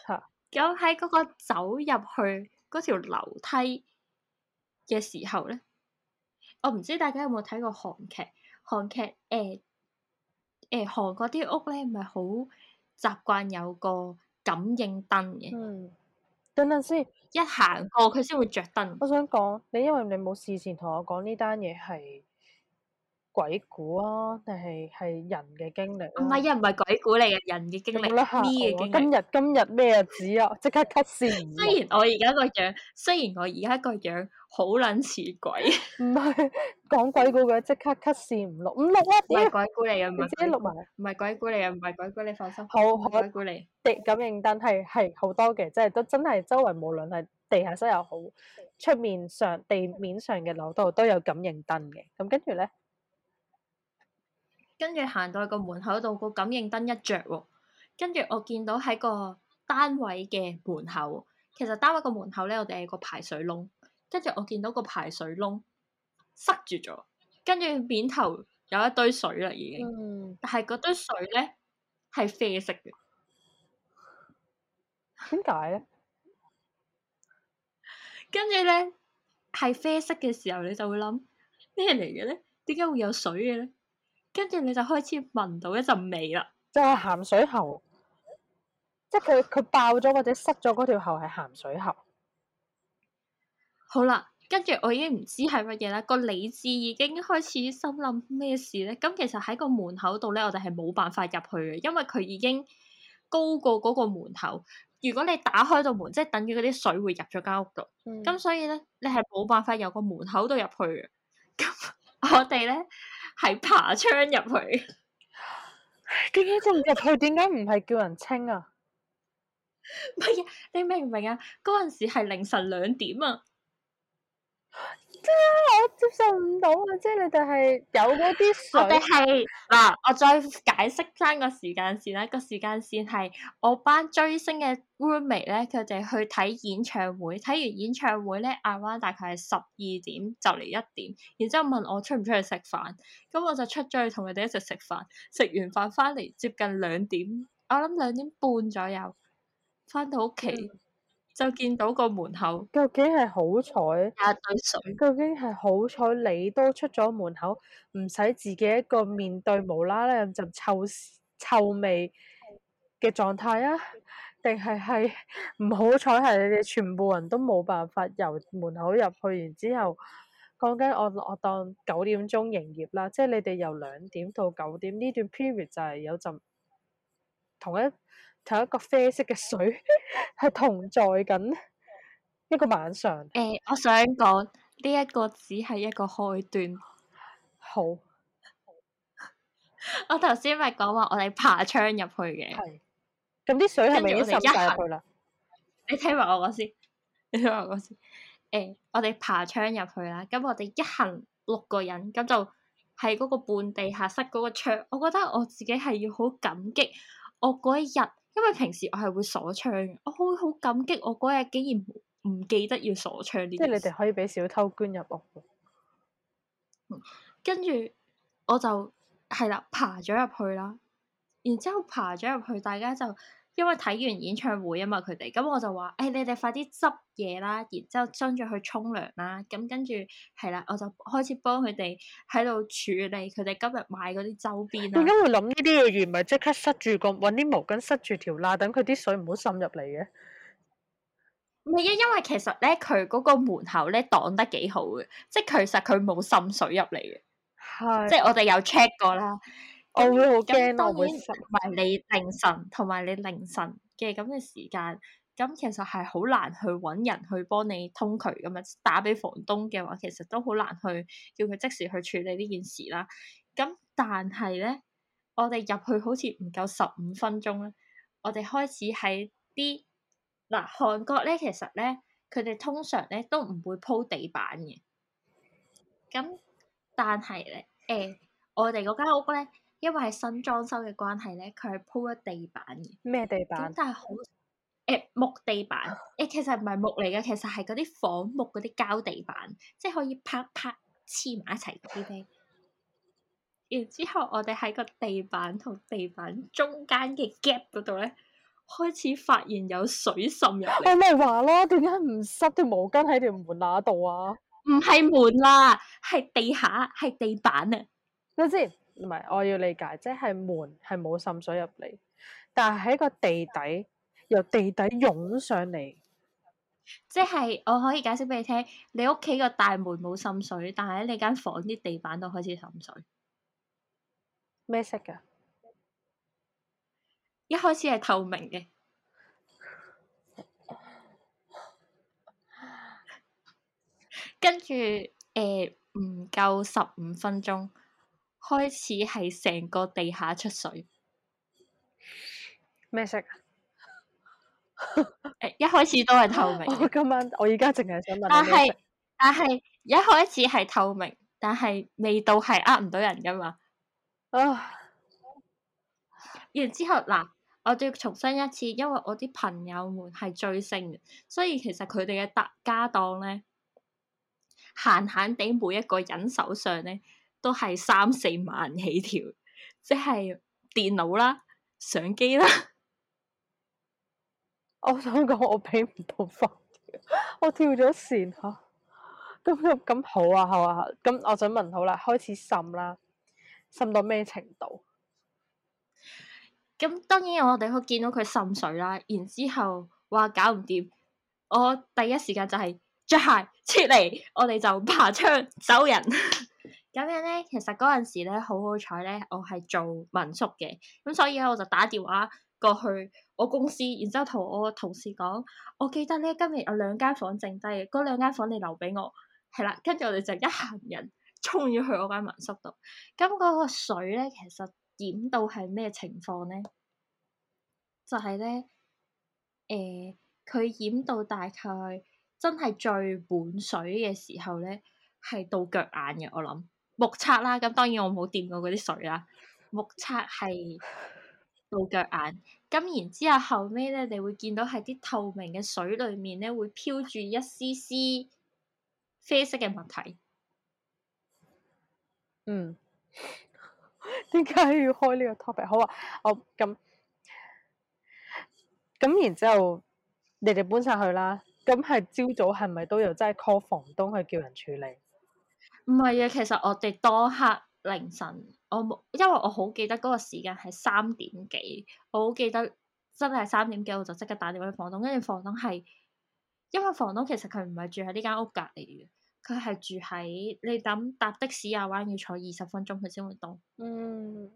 嚇！咁喺嗰個走入去嗰條樓梯嘅時候咧，我唔知大家有冇睇過韓劇？韓劇誒誒、欸欸，韓國啲屋咧唔係好習慣有個感應燈嘅。嗯。等等先，一行過佢先會着燈。我想講，你因為你冇事前同我講，呢單嘢係。鬼故啊？定係係人嘅經歷？唔係，唔係鬼故嚟嘅，人嘅經歷。咁啦，吓，今日今日咩日子啊？即刻 cut 線。雖然我而家個樣，雖然我而家個樣好撚似鬼。唔係講鬼故嘅，即刻 cut 線唔錄，唔錄啊！唔係鬼故嚟嘅，唔係唔知錄埋。唔係鬼故嚟嘅，唔係鬼故，你放心。好，鬼故嚟。啲感應燈係係好多嘅，即係都真係周圍無論係地下室又好，出面上地面上嘅樓道都有感應燈嘅。咁跟住咧。跟住行到去個門口度，個感應燈一着，跟住我見到喺個單位嘅門口，其實單位個門口咧，我哋係個排水窿。跟住我見到個排水窿塞住咗，跟住面頭有一堆水啦，已經、嗯，但係嗰堆水咧係啡色嘅，點解咧？跟住咧係啡色嘅時候，你就會諗咩嚟嘅咧？點解會有水嘅咧？跟住你就開始聞到一陣味啦，就係鹹水喉，即係佢佢爆咗或者塞咗嗰條喉係鹹水喉。 好啦，跟住我已經唔知係乜嘢啦，個理智已經開始心諗咩事咧？咁其實喺個門口度咧，我哋係冇辦法入去嘅，因為佢已經高過嗰個門口。如果你打開到門，即係等於嗰啲水會入咗間屋度。咁、嗯、所以咧，你係冇辦法由個門口度入去嘅。咁我哋咧。 係爬窗入去， 去，點解進入去？點解唔係叫人清啊？乜嘢？你明唔明啊？嗰陣時係凌晨兩點啊！ 我接受唔到啊！即係你哋係有嗰啲水。 我係嗱、啊，我再解釋翻個時間線啦。個時間線係我班追星嘅 roommate 咧，佢哋去睇演唱會，睇完演唱會咧，阿晚大概係十二點就嚟、是、一點，然之後問我出唔出去食飯，咁我就出咗去同佢哋一齊食飯，食完飯翻嚟接近兩點，我諗兩點半左右翻到屋企。嗯。就見到個門口，究竟係好彩，咁多水，究竟係好彩你都出咗門口，唔使自己一個面對無啦啦有陣臭臭味嘅狀態啊？定係係唔好彩係你哋全部人都冇辦法由門口入去，然之後講緊我我當九點鐘營業啦，即係你哋由兩點到九點呢段 period 就係有陣同一，同一個啡色嘅水係 同在緊一個晚上。誒、欸，我想講呢一個只係一個開端。好， 我頭先咪講話我哋爬窗入去嘅。係。咁啲水係咪一齊入去啦？你聽埋我講先。你聽埋我講先。誒、欸，我哋爬窗入去啦。咁我哋一行六個人，咁就喺嗰個半地下室嗰個窗。我覺得我自己係要好感激我嗰一日。因為平時我係會鎖窗嘅，我好好感激我嗰日竟然唔記得要鎖窗呢啲。即係你哋可以畀小偷鑽入屋咯。嗯，跟住我就係啦，爬咗入去啦，然之後爬咗入去，大家就。因為睇完演唱會啊嘛，佢哋咁我就話，誒、欸，你哋快啲執嘢啦，然之後去跟住去沖涼啦。咁跟住係啦，我就開始幫佢哋喺度處理佢哋今日買嗰啲周邊啦。點解會諗呢啲嘢？原係即刻塞住個搵啲毛巾塞住條罅，等佢啲水唔好滲入嚟嘅？唔係啊，因為其實咧，佢嗰個門口咧擋得幾好嘅，即係其實佢冇滲水入嚟嘅。係的。即係我哋有 check 過啦。嗯、我會好驚，我、嗯、當然唔係失你凌晨同埋你凌晨嘅咁嘅時間，咁、嗯、其實係好難去揾人去幫你通渠咁樣，打俾房東嘅話，其實都好難去叫佢即時去處理呢件事啦。咁、嗯、但係咧，我哋入去好似唔夠十五分鐘啦，我哋開始喺啲嗱韓國咧，其實咧佢哋通常咧都唔會鋪地板嘅。咁、嗯、但係咧，誒、欸、我哋嗰間屋咧。因為係新裝修嘅關係咧，佢係鋪咗地板嘅咩地板？但係好誒木地板誒、欸，其實唔係木嚟嘅，其實係嗰啲仿木嗰啲膠地板，即係可以啪啪黐埋一齊嗰啲咧。 然之後，我哋喺個地板同地板中間嘅 gap 嗰度咧，開始發現有水滲入。我咪、啊、話咯，點解唔濕條毛巾喺條門罅度啊？唔係門啦，係地下，係地板啊！睇下先。唔係，我要理解，即係門係冇滲水入嚟，但係喺個地底由地底湧上嚟，即係我可以解釋畀你聽，你屋企個大門冇滲水，但係喺你間房啲地板都開始滲水，咩色噶？一開始係透明嘅， 跟住誒唔夠十五分鐘。開始係成個地下出水，咩色麼？誒、 欸，一開始都係透明。 我今晚我依家淨係想問但。但係但係一開始係透明，但係味道係呃唔到人噶嘛？啊！然 之後嗱，我哋要重申一次，因為我啲朋友們係追星，所以其實佢哋嘅特家當咧，閒閒地每一個人手上咧。都係三四萬起跳，即係電腦啦、相機啦。我想講，我俾唔到發我跳咗線吓。咁、啊、咁好啊，好啊，咁我想問好啦，開始滲啦，滲到咩程度？咁當然我哋可見到佢滲水啦，然之後話搞唔掂，我第一時間就係着鞋出嚟，我哋就爬窗走人。 咁樣咧，其實嗰陣時咧，好好彩咧，我係做民宿嘅，咁所以咧我就打電話過去我公司，然之後同我同事講，我記得咧今日有兩間房剩低，嗰兩間房你留畀我，係啦，跟住我哋就一行人衝咗去我間民宿度。咁嗰個水咧，其實染到係咩情況咧？就係、是、咧，誒、呃，佢染到大概真係最滿水嘅時候咧，係到腳眼嘅，我諗。目測啦，咁當然我冇掂過嗰啲水啦。目測係露腳眼，咁然之後後尾咧，你會見到喺啲透明嘅水裏面咧，會漂住一絲絲啡色嘅物體。嗯，點解要開呢個 topic？好啊，我咁咁、嗯嗯嗯、然之後，你哋搬晒去啦。咁係朝早係咪都要真係 call 房東去叫人處理？唔係啊，其實我哋當刻凌晨，我冇，因為我好記得嗰個時間係三點幾，我好記得真係三點幾，我就即刻打電話去房東，跟住房東係，因為房東其實佢唔係住喺呢間屋隔籬嘅，佢係住喺你等搭的士入灣要坐二十分鐘佢先會到，嗯，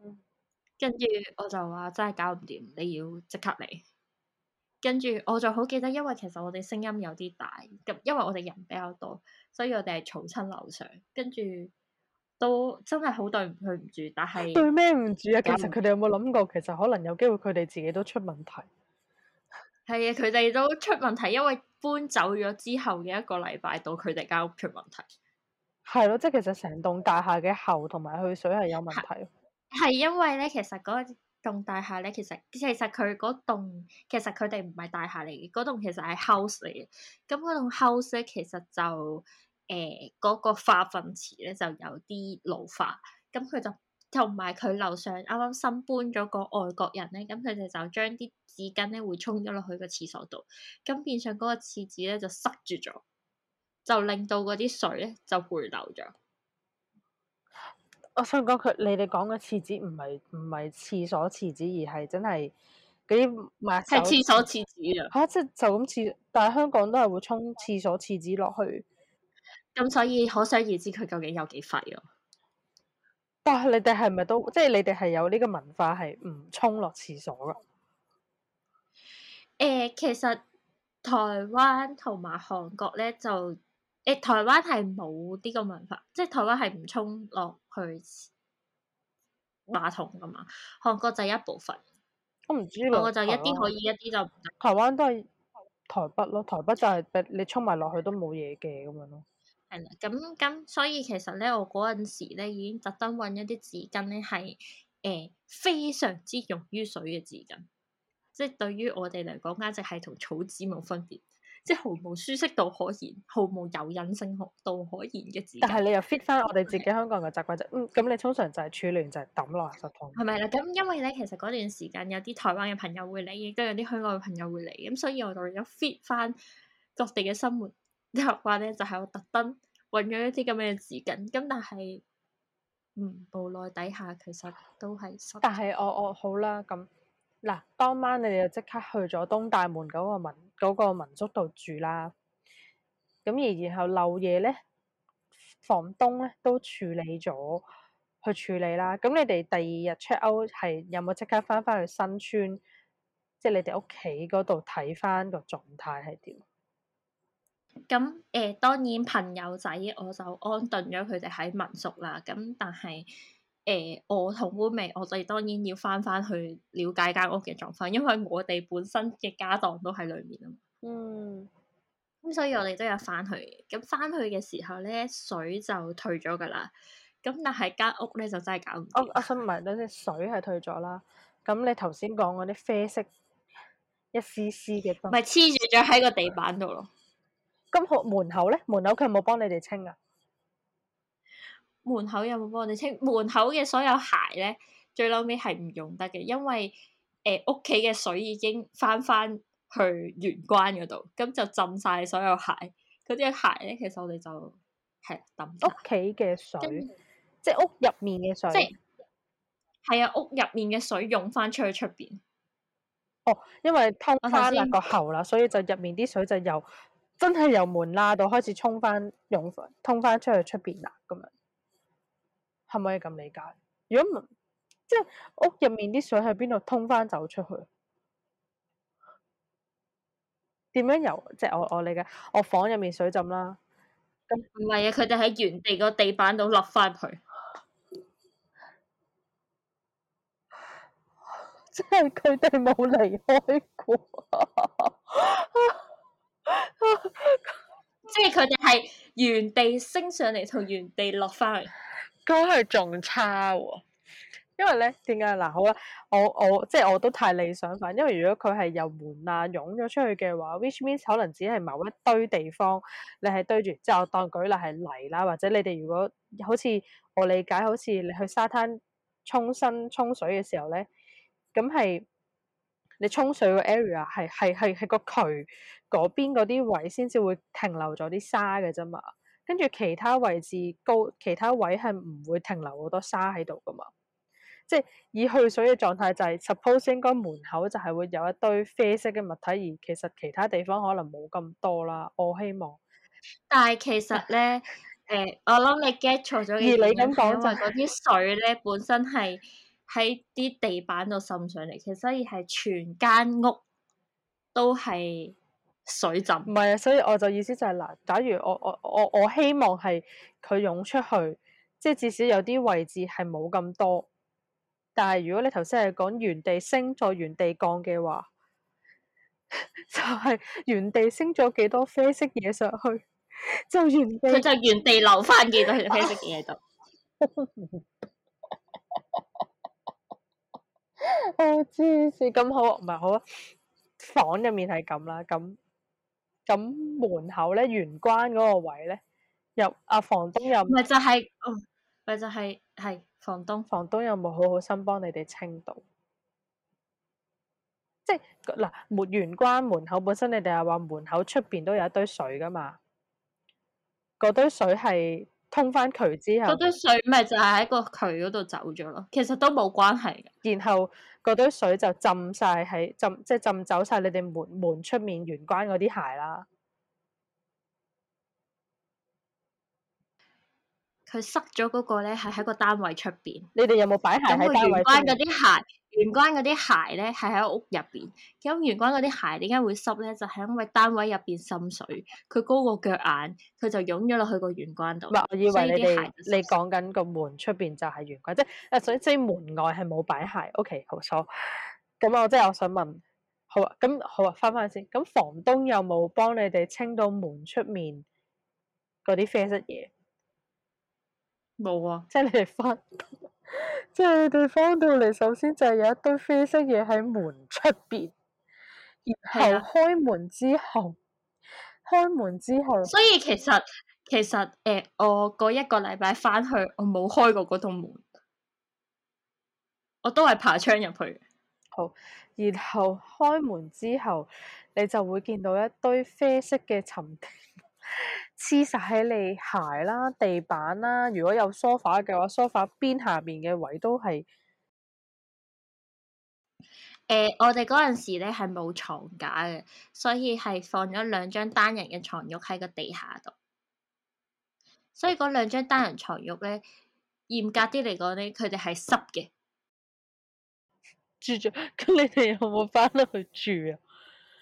跟住我就話真係搞唔掂，你要即刻嚟。跟住我就好記得，因為其實我哋聲音有啲大，咁因為我哋人比較多，所以我哋係嘈親樓上。跟住都真係好對唔佢唔住，但係對咩唔住啊？其實佢哋有冇諗過，其實可能有機會佢哋自己都出問題。係 啊，佢哋都出問題，因為搬走咗之後嘅一個禮拜到，佢哋間屋出問題。係咯，即係其實成棟大廈嘅喉同埋去水係有問題。係因為咧，其實嗰、嗰個棟大廈咧，其實其實佢嗰棟，其實佢哋唔係大廈嚟嘅，嗰棟其實係 house 嚟嘅。咁嗰棟 house 咧，其實就誒嗰、呃嗰個化糞池咧就有啲老化，咁佢就同埋佢樓上啱啱新搬咗個外國人咧，咁佢哋就將啲紙巾咧會沖咗落去個廁所度，咁變相嗰個廁紙咧就塞住咗，就令到嗰啲水咧就回流咗。我想講佢，你哋講嘅廁紙唔係唔係廁所廁紙，而係真係嗰啲抹手。係廁所廁紙，廁紙，廁紙啊！嚇，即係就咁廁，但係香港都係會沖廁所廁紙落去。咁所以可想而知佢究竟有幾廢咯。但係你哋係咪都即係、就是、你哋係有呢個文化係唔沖落廁所噶？誒、欸，其實台灣同埋韓國咧就。誒，台灣係冇呢個文化，即係台灣係唔沖落去馬桶噶嘛。韓國就一部分，我唔知啦。我就一啲可以，一啲就唔得。台灣都係台北咯。台北就係你你沖埋落去都冇嘢嘅咁樣咯。係啦，咁咁，所以其實咧，我嗰陣時咧已經特登揾一啲紙巾咧，係誒、呃、非常之溶於水嘅紙巾，即係對於我哋嚟講，簡直係同草紙冇分別。即係毫無舒適度可言，毫無有韌性度可言嘅紙巾。但係你又 fit 翻我哋自己香港人嘅習慣就嗯，咁是、嗯、你通常就係處亂就係抌落垃圾桶係咪啦？咁因為咧，其實嗰段時間有啲台灣嘅朋友會嚟，亦都有啲香港嘅朋友會嚟，咁所以我就要 fit 翻各地嘅生活啲習慣咧，就係、是、我特登揾咗一啲咁嘅紙巾。咁但係嗯，無奈底下其實都係。但係我我好啦咁嗱，當晚你哋就即刻去咗東大門嗰個文。嗰個民宿度住啦，咁而然後漏嘢咧，房東咧都處理咗，去處理啦。咁你哋第二日 check out 係有冇即刻翻翻去新村，即係你哋屋企嗰度睇翻個狀態係點？咁誒，呃，當然朋友仔我就安頓咗佢哋喺民宿啦。咁但係。誒、欸，我同 Willie 我哋當然要翻翻去，去了解間屋嘅狀況，因為我哋本身嘅家當都喺裏面啊。嘛。嗯。咁、嗯、所以我哋都有翻去，咁翻去嘅時候咧，水就退咗噶啦。咁但係間屋咧就真係搞唔到。我我、啊啊、想問，等先，水係退咗啦。咁你頭先講嗰啲啡色一絲絲嘅，咪黐住咗喺個地板度咯。咁口門口咧，門口佢有冇幫你哋清啊？門口有冇幫我哋清門口嘅所有鞋咧？最嬲尾係唔用得嘅，因為誒屋企嘅水已經翻翻去玄關嗰度，咁就浸晒所有鞋嗰啲鞋咧。其實我哋就係抌屋企嘅水，跟即係屋入面嘅水，即係係啊屋入面嘅水湧翻出去出邊哦，因為通翻個喉啦，所以就入面啲水就由真係由門罅度開始衝翻湧通翻出去出邊啦，咁樣。可係咪可以咁理解？如果唔即係屋入面啲水喺邊度通翻走出去？點樣游？即係我我理解我房入面水浸啦。咁唔係啊！佢哋喺原地個地板度落翻去， 即係佢哋冇離開過 即係佢哋係原地升上嚟，同原地落翻去。都係仲差喎、哦，因為咧點解嗱？好啊，我我即係我都太理想化，因為如果佢係由門啊，湧咗出去嘅話 ，which means 可能只係某一堆地方，你係堆住。即係我當舉例係泥啦，或者你哋如果好似我理解，好似你去沙灘沖身沖水嘅時候咧，咁係你沖水個 area 係係係係個渠嗰邊嗰啲位先至會停留咗啲沙嘅啫嘛。跟住其他位置高，其他位係唔會停留好多沙喺度噶嘛。即係以去水嘅狀態就係、是、suppose 應該門口就係會有一堆啡色嘅物體，而其實其他地方可能冇咁多啦。我希望。但係其實咧，誒、 呃，我諗你 get 錯咗嘅，而你咁講就係嗰啲水咧 本身係，喺啲地板度滲上嚟，其實所以係全間屋都係。水浸唔係啊，所以我就意思就係、是、嗱，假如我我我我希望係佢湧出去，即係至少有啲位置係冇咁多。但係如果你頭先係講原地升再原地降嘅話，就係、是、原地升咗幾多啡色嘢上去，就原地佢就原地留翻幾多啡色嘅嘢度。我知、 oh，黐線，咁好唔係好啊？房入面係咁啦，咁。咁門口咧，玄關嗰個位咧，入阿房東入唔係就係哦，咪就係係房東，房東有冇、就係就係、好好心幫你哋清到？即係嗱，玄關門口本身，你哋又話門口出邊都有一堆水噶嘛，嗰堆水係。通翻渠之後，嗰堆水咪就係喺個渠嗰度走咗咯。其實都冇關係嘅。然後嗰堆水就浸晒喺浸，即係浸走晒你哋門門出面玄關嗰啲鞋啦。佢塞咗嗰個咧，係喺個單位出邊。你哋有冇擺鞋喺單位？咁玄關嗰啲鞋，玄關嗰啲鞋咧，係喺屋入邊。咁玄關嗰啲鞋點解會濕咧？就係因為單位入邊滲水，佢高過腳眼，佢就湧咗落去個玄關度。我以為你哋你講緊個門出邊就係玄關，即係誒，所以即係門外係冇擺鞋。OK，好錯。咁我即係我想問，好啊，咁好啊，翻翻去先。咁房東有冇幫你哋清到門出面嗰啲啡色嘢？冇啊！即係你哋翻， 即係你哋翻到嚟， 首先就係有一堆啡色嘢喺門出邊，然後開門之後，開門之後，所以其實其實誒、呃，我嗰一個禮拜翻去，我冇開過嗰道門，我都係爬窗入去。好，然後開門之後，你就會見到一堆啡色嘅沉澱。 黐曬喺你鞋啦、地板啦。如果有梳化嘅話，梳化邊下面嘅位都係。誒、呃。我哋嗰陣時咧係冇床架嘅，所以係放咗兩張單人嘅床褥喺個地下度。所以嗰兩張單人床褥咧，嚴格啲嚟講咧，佢哋係濕嘅。住著，咁你哋有冇翻得去住啊？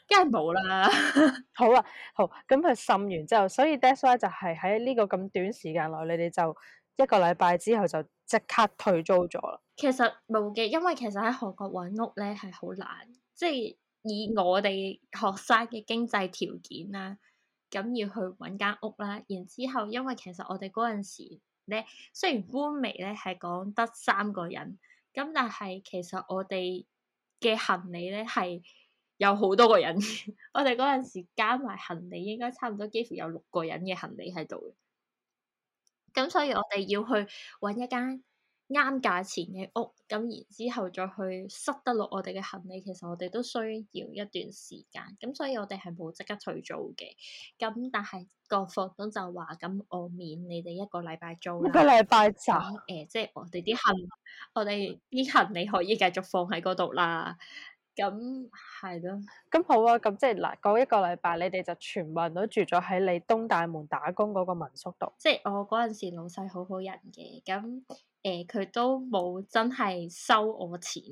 梗係冇啦。 好啊，好。咁佢滲完之後，所以 d e s s i 就係喺呢個咁短時間內，你哋就一個禮拜之後就即刻退租咗啦。其實冇嘅，因為其實喺韓國揾屋咧係好難，即係以我哋學生嘅經濟條件啦，咁要去揾間屋啦。然之後，因為其實我哋嗰陣時咧，雖然 roommate 咧係講得三個人，咁但係其實我哋嘅行李咧係。有好多個人， 我哋嗰陣時加埋行李，應該差唔多幾乎有六個人嘅行李喺度。咁所以我哋要去揾一間啱價錢嘅屋，咁然之後再去塞得落我哋嘅行李。其實我哋都需要一段時間，咁所以我哋係冇即刻退租嘅。咁但係個房東就話：「咁我免你哋一個禮拜租，一個禮拜走。」誒、呃，即係我哋啲行李，我哋啲行李可以繼續放喺嗰度啦。咁係咯，咁好啊！咁即係嗱，嗰一個禮拜你哋就全部人都住咗喺你東大門打工嗰個民宿度。即係我嗰陣時老細好好人嘅，咁誒佢都冇真係收我錢。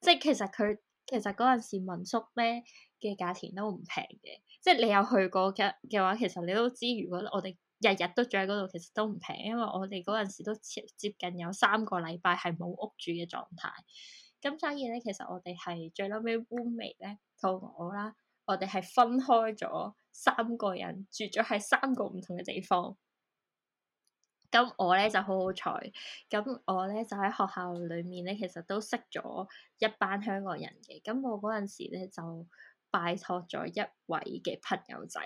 即係其實佢其實嗰陣時民宿咧嘅價錢都唔平嘅。即係你有去過嘅嘅話，其實你都知，如果我哋日日都住喺嗰度，其實都唔平，因為我哋嗰陣時都接接近有三個禮拜係冇屋住嘅狀態。咁所以咧，其實我哋係最嬲尾 Vanney 咧同我啦，我哋係分開咗三個人住咗喺三個唔同嘅地方。咁我咧就好好彩，咁我咧就喺學校裏面咧，其實都識咗一班香港人嘅。咁我嗰陣時咧就拜託咗一位嘅朋友仔。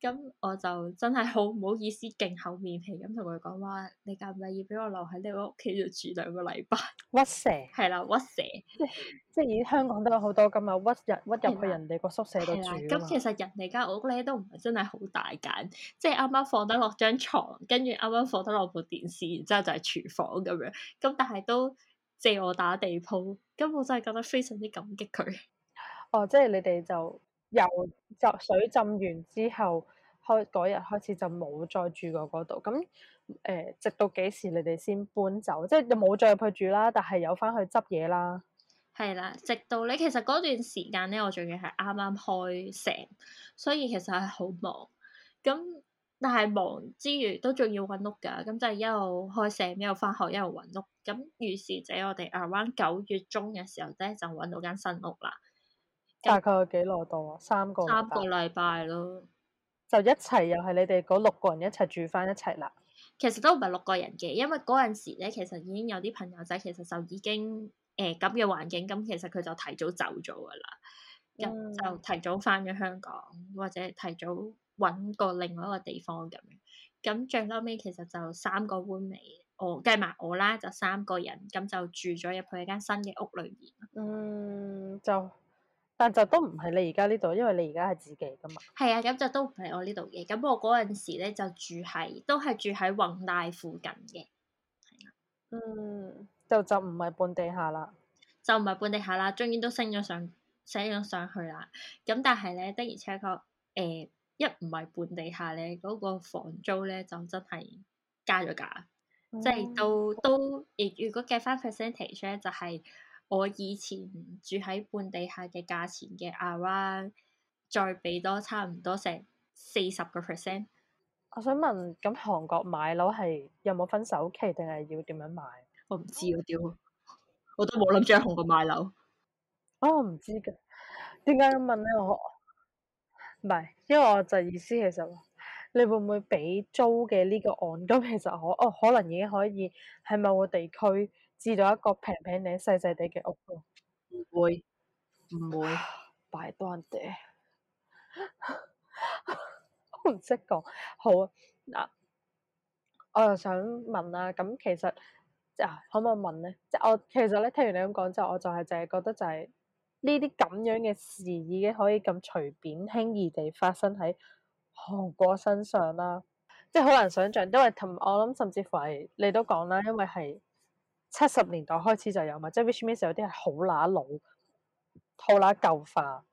咁、嗯、我就真係好唔好意思，勁厚面皮咁同佢講話，你介唔介意畀我留喺你屋企度住兩個禮拜屈蛇？ 屈蛇係啦，屈蛇即係即係，以香港都有好多咁啊，屈入屈入去人哋個宿舍度住。咁、嗯嗯、其實人哋間屋咧都唔係真係好大間，即係啱啱放得落張床，跟住啱啱放得落部電視，然之後就係廚房咁樣。咁但係都借我打地鋪，根本我真係覺得非常之感激佢。哦，即係你哋就。由浸水浸完之後，開嗰日開始就冇再住過嗰度。咁誒、呃，直到幾時你哋先搬走？即係你冇再入去住啦，但係有翻去執嘢啦。係啦，直到咧，其實嗰段時間咧，我仲要係啱啱開成，所以其實係好忙。咁但係忙之餘都仲要搵屋噶，咁就一路開成，一路翻學，一路搵屋。咁如是者，我哋 around 九月中嘅時候咧，就搵到間新屋啦。嗯、大概有幾耐度啊？三個三個禮拜咯，就一齊又係你哋嗰六個人一齊住翻一齊啦。其實都唔係六個人嘅，因為嗰陣時咧，其實已經有啲朋友仔，其實就已經誒咁嘅環境，咁其實佢就提早走咗噶啦，咁、嗯、就提早翻咗香港，或者提早搵個另外一個地方咁樣。咁最嬲尾其實就三個 roommate，我計埋我啦，就三個人咁就住咗入去一間新嘅屋裏面。嗯，就。但就都唔係你而家呢度，因為你而家係自己噶嘛。係啊，咁就都唔係我呢度嘅。咁我嗰陣時咧就住喺，都係住喺宏大附近嘅。啊，嗯，就就唔係半地下啦。就唔係半地下啦，終於都升咗上，升咗上去啦。咁但係咧，的而且確，誒、呃，一唔係半地下咧，嗰個房租咧就真係加咗價，即係都都，如果計翻 percentage 咧，就係。我以前住喺半地下嘅價錢嘅亞灣，再俾多差唔多成四十個 percent。我想問，咁韓國買樓係有冇分首期，定係要點樣買？我唔知要點，我都冇諗住喺韓國買樓。哦、我唔知㗎，點解問呢？我唔係，因為我就意思其實，你會唔會俾租嘅呢個按金？其實可哦，可能已經可以喺某個地區。置咗一個平平地、細細地嘅屋，唔會唔會拜多人地，我唔識講。好啊，嗱，我又想問啊，咁其實即係、啊、可唔可以問咧？即係我其實咧，聽完你咁講之後，我就係淨係覺得就係呢啲咁樣嘅事已經可以咁隨便輕易地發生喺韓國身上啦，即係好難想象，因為同我諗甚至乎係你都講啦，因為係。七十年代開始就有嘛，即係 which means 有啲係好乸老，好乸舊化。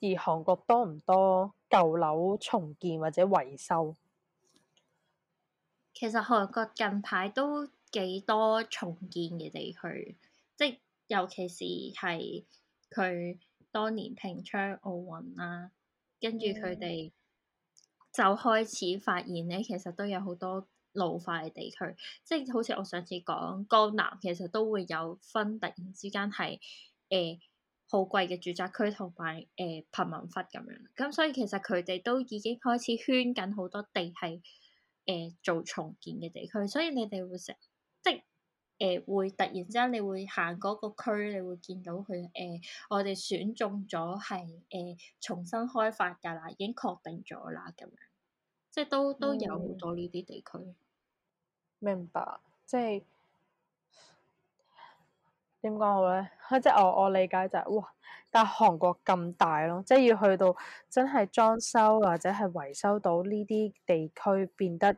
而韓國多唔多舊樓重建或者維修？其實韓國近排都幾多重建嘅地區，即係尤其是係佢當年平昌奧運啦、啊，跟住佢哋就開始發現呢，其實都有好多。老化嘅地區，即係好似我上次講江南，其實都會有分，突然之間係誒好貴嘅住宅區，同埋誒貧民窟咁樣。咁所以其實佢哋都已經開始圈緊好多地係誒、呃、做重建嘅地區。所以你哋會成即係誒、呃、突然之間，你會行嗰個區，你會見到佢誒、呃、我哋選中咗係誒重新開發㗎啦，已經確定咗啦咁樣，即係都都有好多呢啲地區。嗯。明白，即係點講好咧？即係我我理解就係哇，但係韓國咁大咯，即係要去到真係裝修或者係維修到呢啲地區變得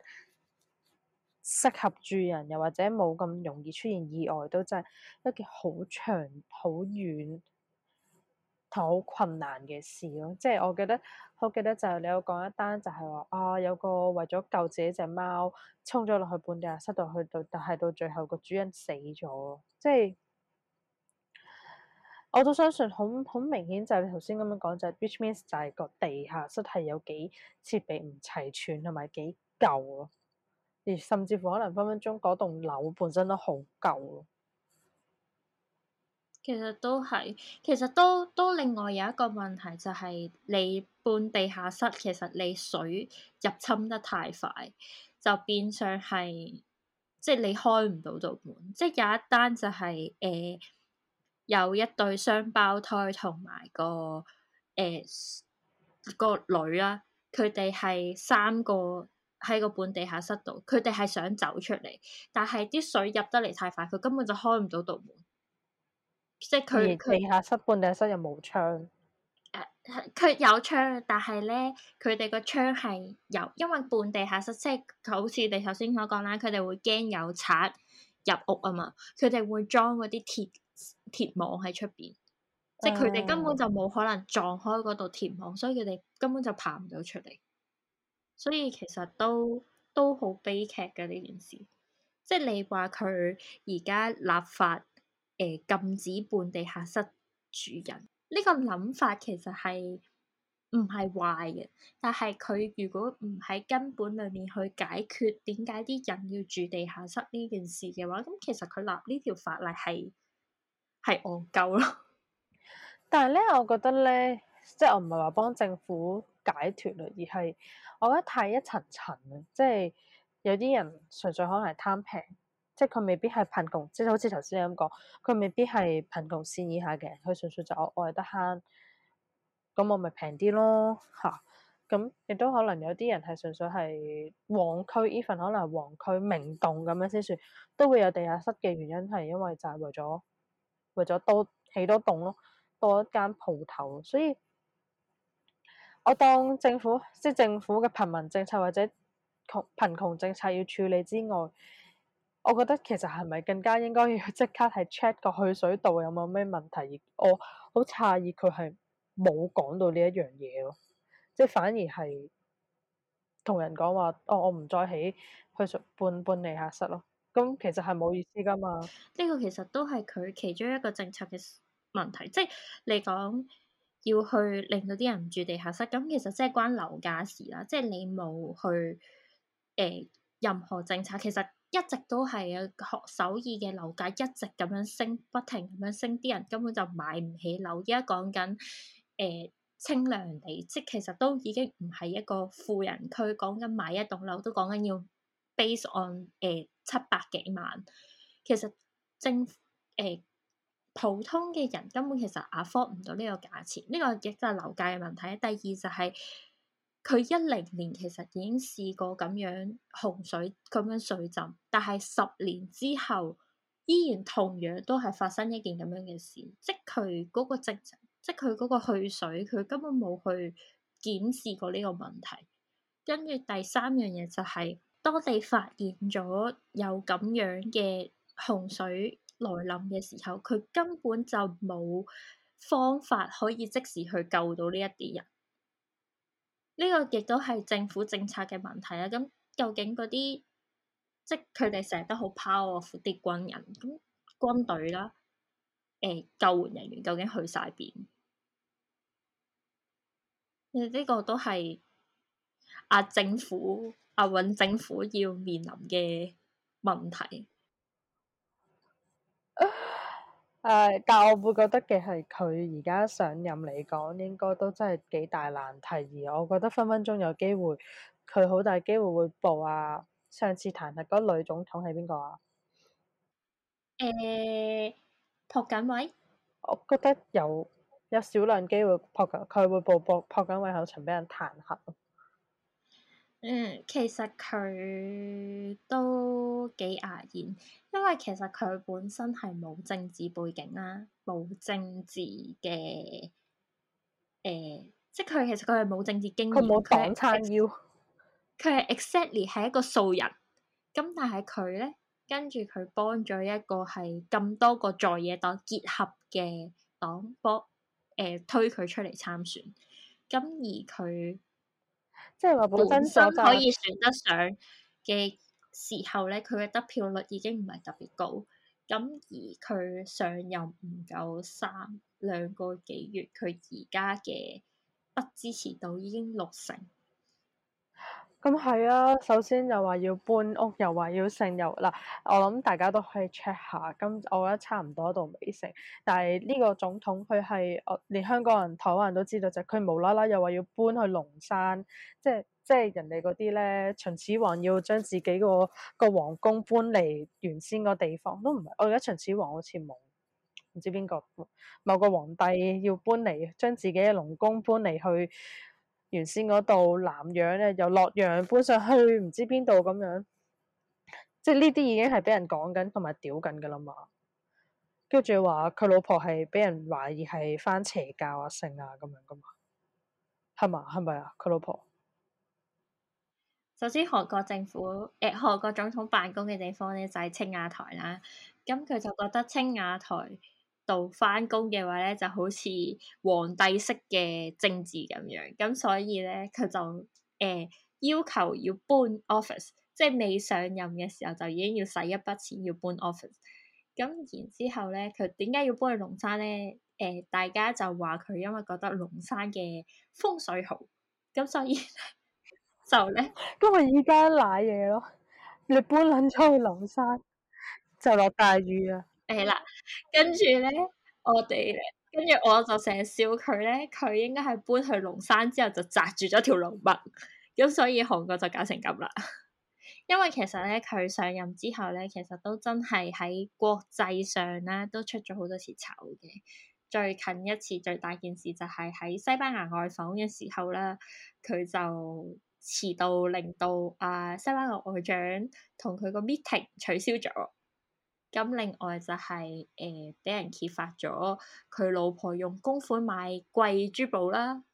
適合住人，又或者冇咁容易出現意外，都真係一件好長好遠。好困難嘅事咯，即係我記得，我記得就你有講一單，就係話啊有個為咗救自己隻貓，衝咗落去半地下室度去到，但係到最後個主人死咗。即係我都相信，好好明顯就係你頭先咁樣講，就係 which means 就係個地下室係有幾設備唔齊全，同埋幾舊咯，而甚至乎可能分分鐘嗰棟樓本身都好舊咯。其實都係，其實都都另外有一個問題就係你半地下室，其實你水入侵得太快，就變相係即係你開唔到道門。即係有一單就係、是、誒、呃、有一對雙胞胎同埋個誒、呃、個女啦，佢哋係三個喺個半地下室度，佢哋係想走出嚟，但係啲水入得嚟太快，佢根本就開唔到道門。即係佢地下室，半地下室又冇窗，呃，佢有窗，但係咧，佢哋個窗係有，因為半地下室，即係好似你頭先所講啦，佢哋會驚有賊入屋啊嘛，佢哋會裝嗰啲鐵鐵網喺出邊，哎，即係佢哋根本就冇可能撞開嗰度鐵網，所以佢哋根本就爬唔到出嚟，所以其實都都好悲劇嘅呢件事。即係你話佢而家立法。誒、呃、禁止半地下室住人呢、呢個諗法其實係唔係壞嘅，但係佢如果唔喺根本裏面去解決點解啲人要住地下室呢件事嘅話，咁其實佢立呢條法例係係戇鳩咯。但係咧，我覺得咧，即係我唔係話幫政府解脫啦，而係我覺得太一層層啦，即係有啲人純粹可能係貪平。即係佢未必係貧窮，即係好似頭先你咁講，佢未必係貧窮線以下嘅，佢純粹就愛我我得慳，咁我咪平啲咯嚇。咁亦都可能有啲人係純粹係黃區，even 可能係黃區明洞咁樣先算，都會有地下室嘅原因係因為就係為咗為咗多起多，多棟咯，多一間鋪頭。所以我當政府即係政府嘅貧民政策或者窮貧窮政策要處理之外。我覺得其實係咪更加應該要即刻係 check 個去水道有冇咩問題？而我好詫異佢係冇講到呢一樣嘢咯，即係反而係同人講話哦，我唔再起去半半地下室咯。咁其實係冇意思噶嘛？呢個其實都係佢其中一個政策嘅問題，即係你講要去令到啲人唔住地下室，咁其實即係關樓價事啦。即係你冇去誒、呃、任何政策，其實。一直都係啊，學首爾嘅樓價一直咁樣升，不停咁樣升，啲人根本就買唔起樓。而家講緊誒清涼地，即其實都已經唔係一個富人區，講緊買一棟樓都講緊要 base on 誒、呃、七百幾萬。其實政誒、呃、普通嘅人根本其實 afford 唔到呢個價錢，呢個亦都係樓價嘅問題。第二就係、是。佢一零年其實已經試過咁樣洪水，咁樣水浸，但係十年之後依然同樣都係發生一件咁樣嘅事，即佢嗰個積，即佢嗰個去水，佢根本冇去檢視過呢個問題。跟住第三樣嘢就係、是、當你發現咗有咁樣嘅洪水來臨嘅時候，佢根本就冇方法可以即時去救到呢一啲人。呢個亦都係政府政策嘅問題啊。咁究竟嗰啲即係佢哋成日都好 powerful 啲軍人咁軍隊啦，誒、呃、救援人員究竟去曬邊？呢、這個都係阿政府阿尹、啊、政府要面臨嘅問題。 誒，uh, 但我會覺得其實佢而家上任嚟講，應該都真係幾大難題。而我覺得分分鐘有機會，佢好大機會會暴啊！上次彈劾嗰女總統係邊個啊？誒、uh，朴槿惠，我覺得有有少量機會朴佢會暴暴朴槿惠，後塵俾人彈劾。嗯，其實佢都幾牙煙，因為其實佢本身係冇政治背景啦，冇政治嘅，誒、呃，即係佢其實佢係冇政治經驗，佢冇強撐腰，佢係 exactly 係一個素人，咁但係佢咧，跟住佢幫咗一個係咁多個在野黨結合嘅黨波，誒、呃，推佢出嚟參選，咁而佢。即係話本身可以選得上嘅時候咧，佢嘅得票率已經唔係特別高。咁而佢上任唔夠三兩個幾月，佢而家嘅不支持度已經六成。咁係啊，首先又話要搬屋，又話要成又嗱，我諗大家都可以 check 下，咁我覺得差唔多到尾聲。但係呢個總統佢係我連香港人、台灣人都知道就，佢無啦啦又話要搬去龍山，即係即係人哋嗰啲咧，秦始皇要將自己個個皇宮搬嚟原先個地方都唔係，我記得秦始皇好似冇，唔知邊個某個皇帝要搬嚟將自己嘅龍宮搬嚟去。原先嗰度南洋咧，由洛陽搬上去唔知邊度咁樣，即係呢啲已經係俾人講緊同埋屌緊噶啦嘛。跟住話佢老婆係俾人懷疑係返邪教啊、性啊咁樣噶嘛，係嘛係咪啊？佢老婆首先韓國政府誒、呃、韓國總統辦公嘅地方咧就係青瓦台啦，咁佢就覺得青瓦台。做翻工嘅話咧，就好似皇帝式嘅政治咁樣，咁所以咧佢就誒、呃、要求要搬 office，即係未上任嘅時候就已經要使一筆錢要搬 office。咁然之後咧，佢點解要搬去龍山咧？誒、呃，大家就話佢因為覺得龍山嘅風水好，咁所以呢 就咧呢，因為依家瀨嘢咯，你搬撚出去龍山就落大雨啊！誒、欸、啦。跟住咧，我哋咧，跟住我就成日笑佢咧，佢應該係搬去龍山之後就扎住咗條龍脈，咁 所以韓國就搞成咁啦。 因為其實咧，佢上任之後咧，其實都真係喺國際上咧，都出咗好多次醜嘅。最近一次最大件事就係喺西班牙外訪嘅時候啦，佢就遲到令到啊、呃、西班牙外長同佢個 meeting 取消咗。咁另外就係誒俾人揭發咗佢老婆用公款買貴珠寶啦。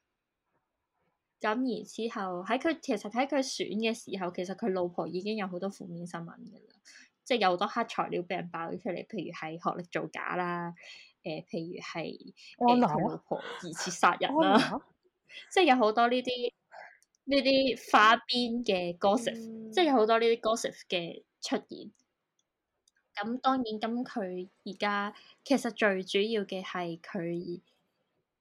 咁而之後喺佢其實喺佢選嘅時候，其實佢老婆已經有好多負面新聞嘅啦，即係有好多黑材料俾人爆咗出嚟，譬如係學歷造假啦，誒、呃，譬如係佢、呃 oh、no? 老婆疑似殺人啦，oh、no? 即係有好多呢啲呢啲花邊嘅 gossip，mm. 即係有好多呢啲 gossip 嘅出現。咁當然，咁佢而家其實最主要嘅係佢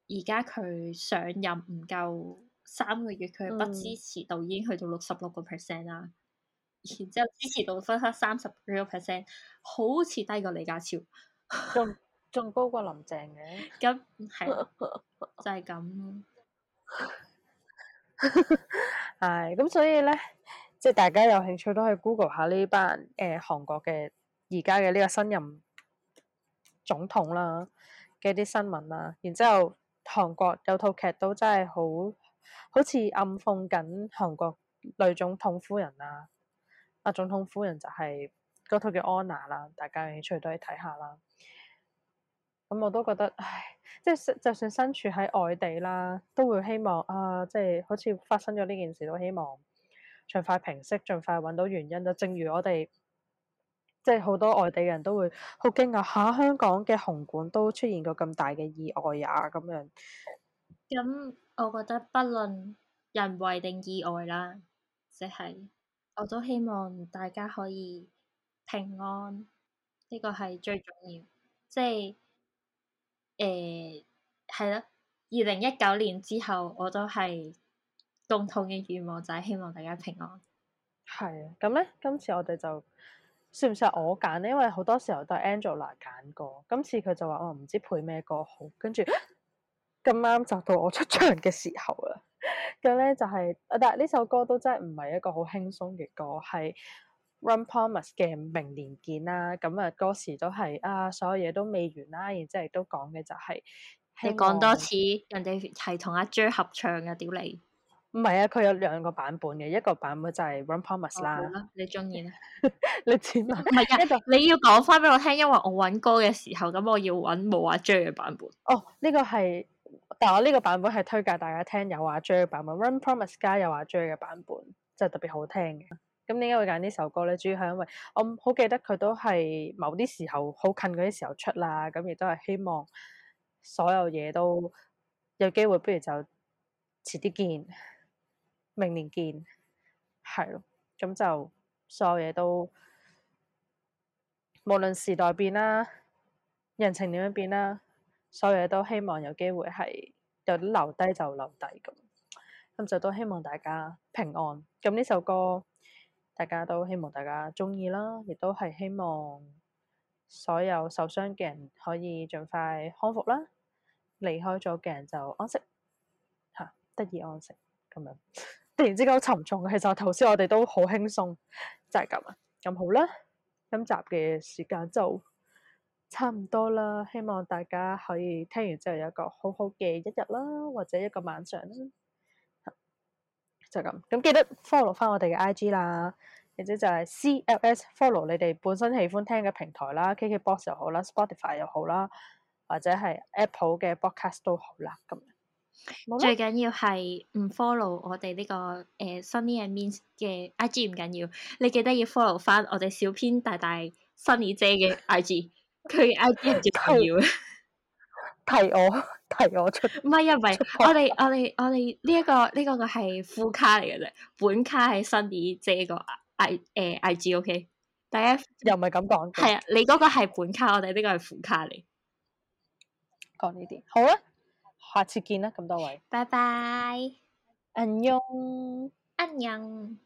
而家佢上任唔夠三個月，佢不支持度已經去到六十六個 percent 啦。嗯、然之後支持度分開三十幾個 percent，好似低過李家超，仲 仲高過林鄭嘅。咁係、 啊、 就係咁。係 咁、哎，所以咧，即係大家有興趣都去 Google 下呢班誒、呃、韓國嘅。而家嘅呢個新任總統啦嘅啲新聞啦，然之後韓國有套劇都真係好好似暗諷緊韓國女總統夫人啊，啊總統夫人就係、是、嗰套叫安娜啦，大家有興趣都可以睇下啦。咁、嗯、我都覺得，唉，即係就算身處喺外地啦，都會希望啊，即係好似發生咗呢件事都希望盡快平息，盡快揾到原因啦。就正如我哋。即係好多外地人都會好驚訝吓，香港嘅紅館都出現過咁大嘅意外呀咁樣。咁我覺得不論人為定意外啦，即係我都希望大家可以平安，呢個係最重要。即係誒係啦，二零一九年之後我都係共同嘅願望就係希望大家平安。係啊，咁咧今次我哋就。算唔算係我揀咧？因為好多時候都係 Angela 揀過，今次佢就話我唔知配咩歌好，跟住咁啱就到我出場嘅時候啦。咁 咧就係、是，但係呢首歌都真係唔係一個好輕鬆嘅歌，係 Run Promise 嘅《明年見》啦、嗯。咁啊歌詞都係啊，所有嘢都未完啦，然之後亦都講嘅就係、是、你講多次，人哋係同阿 J、er、合唱嘅屌你。唔係啊，佢有兩個版本嘅，一個版本就係、是、Run Promise 啦。你中意咧？你點 啊？唔係 你要講翻俾我聽，因為我搵歌嘅時候，咁我要搵冇阿 J 嘅版本。哦，呢、這個係，但我呢個版本係推介大家聽有阿 J 嘅版本，Run Promise 加有阿 J 嘅版本，就是、特別好聽嘅。咁點解會揀呢首歌咧？主要係因為我好記得佢都係某啲時候好近嗰啲時候出啦，咁亦都係希望所有嘢都有機會，不如就遲啲見。明年見，係咯，咁就所有嘢都，無論時代變啦，人情點樣變，變啦，所有嘢都希望有機會係有啲留低就留低咁，咁就都希望大家平安。咁呢首歌大家都希望大家鍾意啦，亦都係希望所有受傷嘅人可以盡快康復啦，離開咗嘅人就安息嚇，啊，得以安息咁樣。突然之間好沉重嘅，其實頭先我哋都好輕鬆，就係咁啦。咁好啦，今集嘅時間就差唔多啦。希望大家可以聽完之後有一個好好嘅一日啦，或者一個晚上啦。就咁、是，咁記得 follow 翻我哋嘅 IG 啦，或者就係 CLS follow 你哋本身喜歡聽嘅平台啦，KKBOX 又好啦，Spotify 又好啦，或者係 Apple 嘅 Podcast 都好啦，咁最緊要係唔 follow 我哋呢、這個誒、呃、Sunny n Mint 嘅 IG 唔緊要，你記得要 follow 翻我哋小編大大 Sunny 姐嘅 IG，佢 IG 最緊要提。提我，提我出，唔係啊，唔係發我哋我哋我哋呢一個呢、這個個係副卡嚟嘅啫，本卡係 Sunny 姐個 I 誒 IG OK，大家又唔係咁講。係啊，你嗰個係本卡，我哋呢個係副卡嚟。講呢啲好啊。下次見啦，咁多位，拜拜，阿勇，阿娘。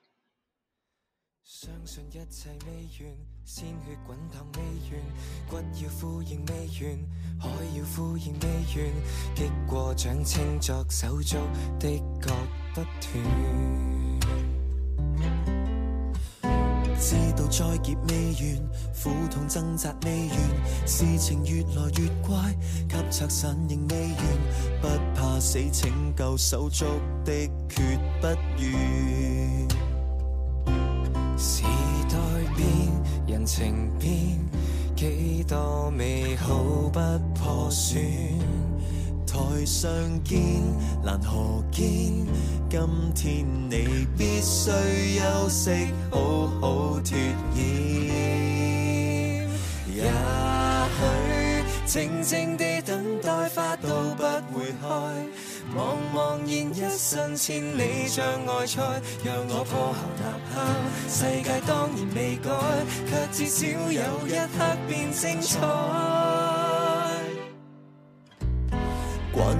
相信一切未完，鮮血滾燙未完，骨要呼應未完，海要呼應未完，激過掌聲作手足的割不斷。知道災劫未完，苦痛掙扎未完，事情越來越怪，急拆散仍未完。不怕死，拯救手足的決不願。 時代變，人情變，幾多美好不破損。再相見難何見，今天你必須休息，好好脫衣。也許靜靜地等待花都不會開，茫茫然一生千里障礙賽，讓我破後踏拋。世界當然未改，卻至少有一刻變精彩。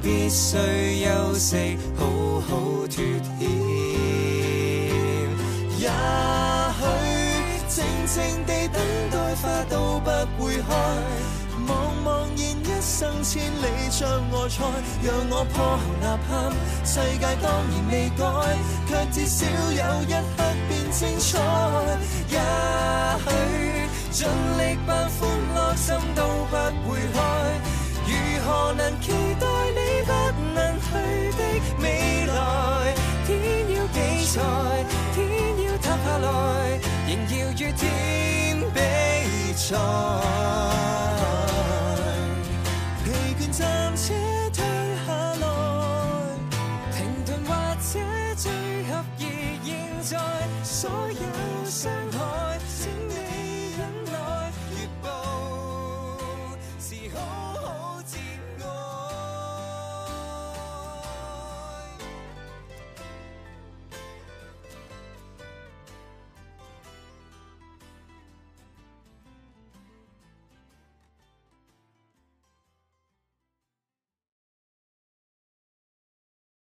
必須休息，好好脱險。也許靜靜地等待，花都不會開。茫茫然一生千里將外賽，讓我破喉吶喊。世界當然未改，卻至少有一刻變精彩。也許盡力扮歡樂，心都不會開。如何能期待你？不能去的未來，天要比賽，天要塌下來，仍要與天比賽。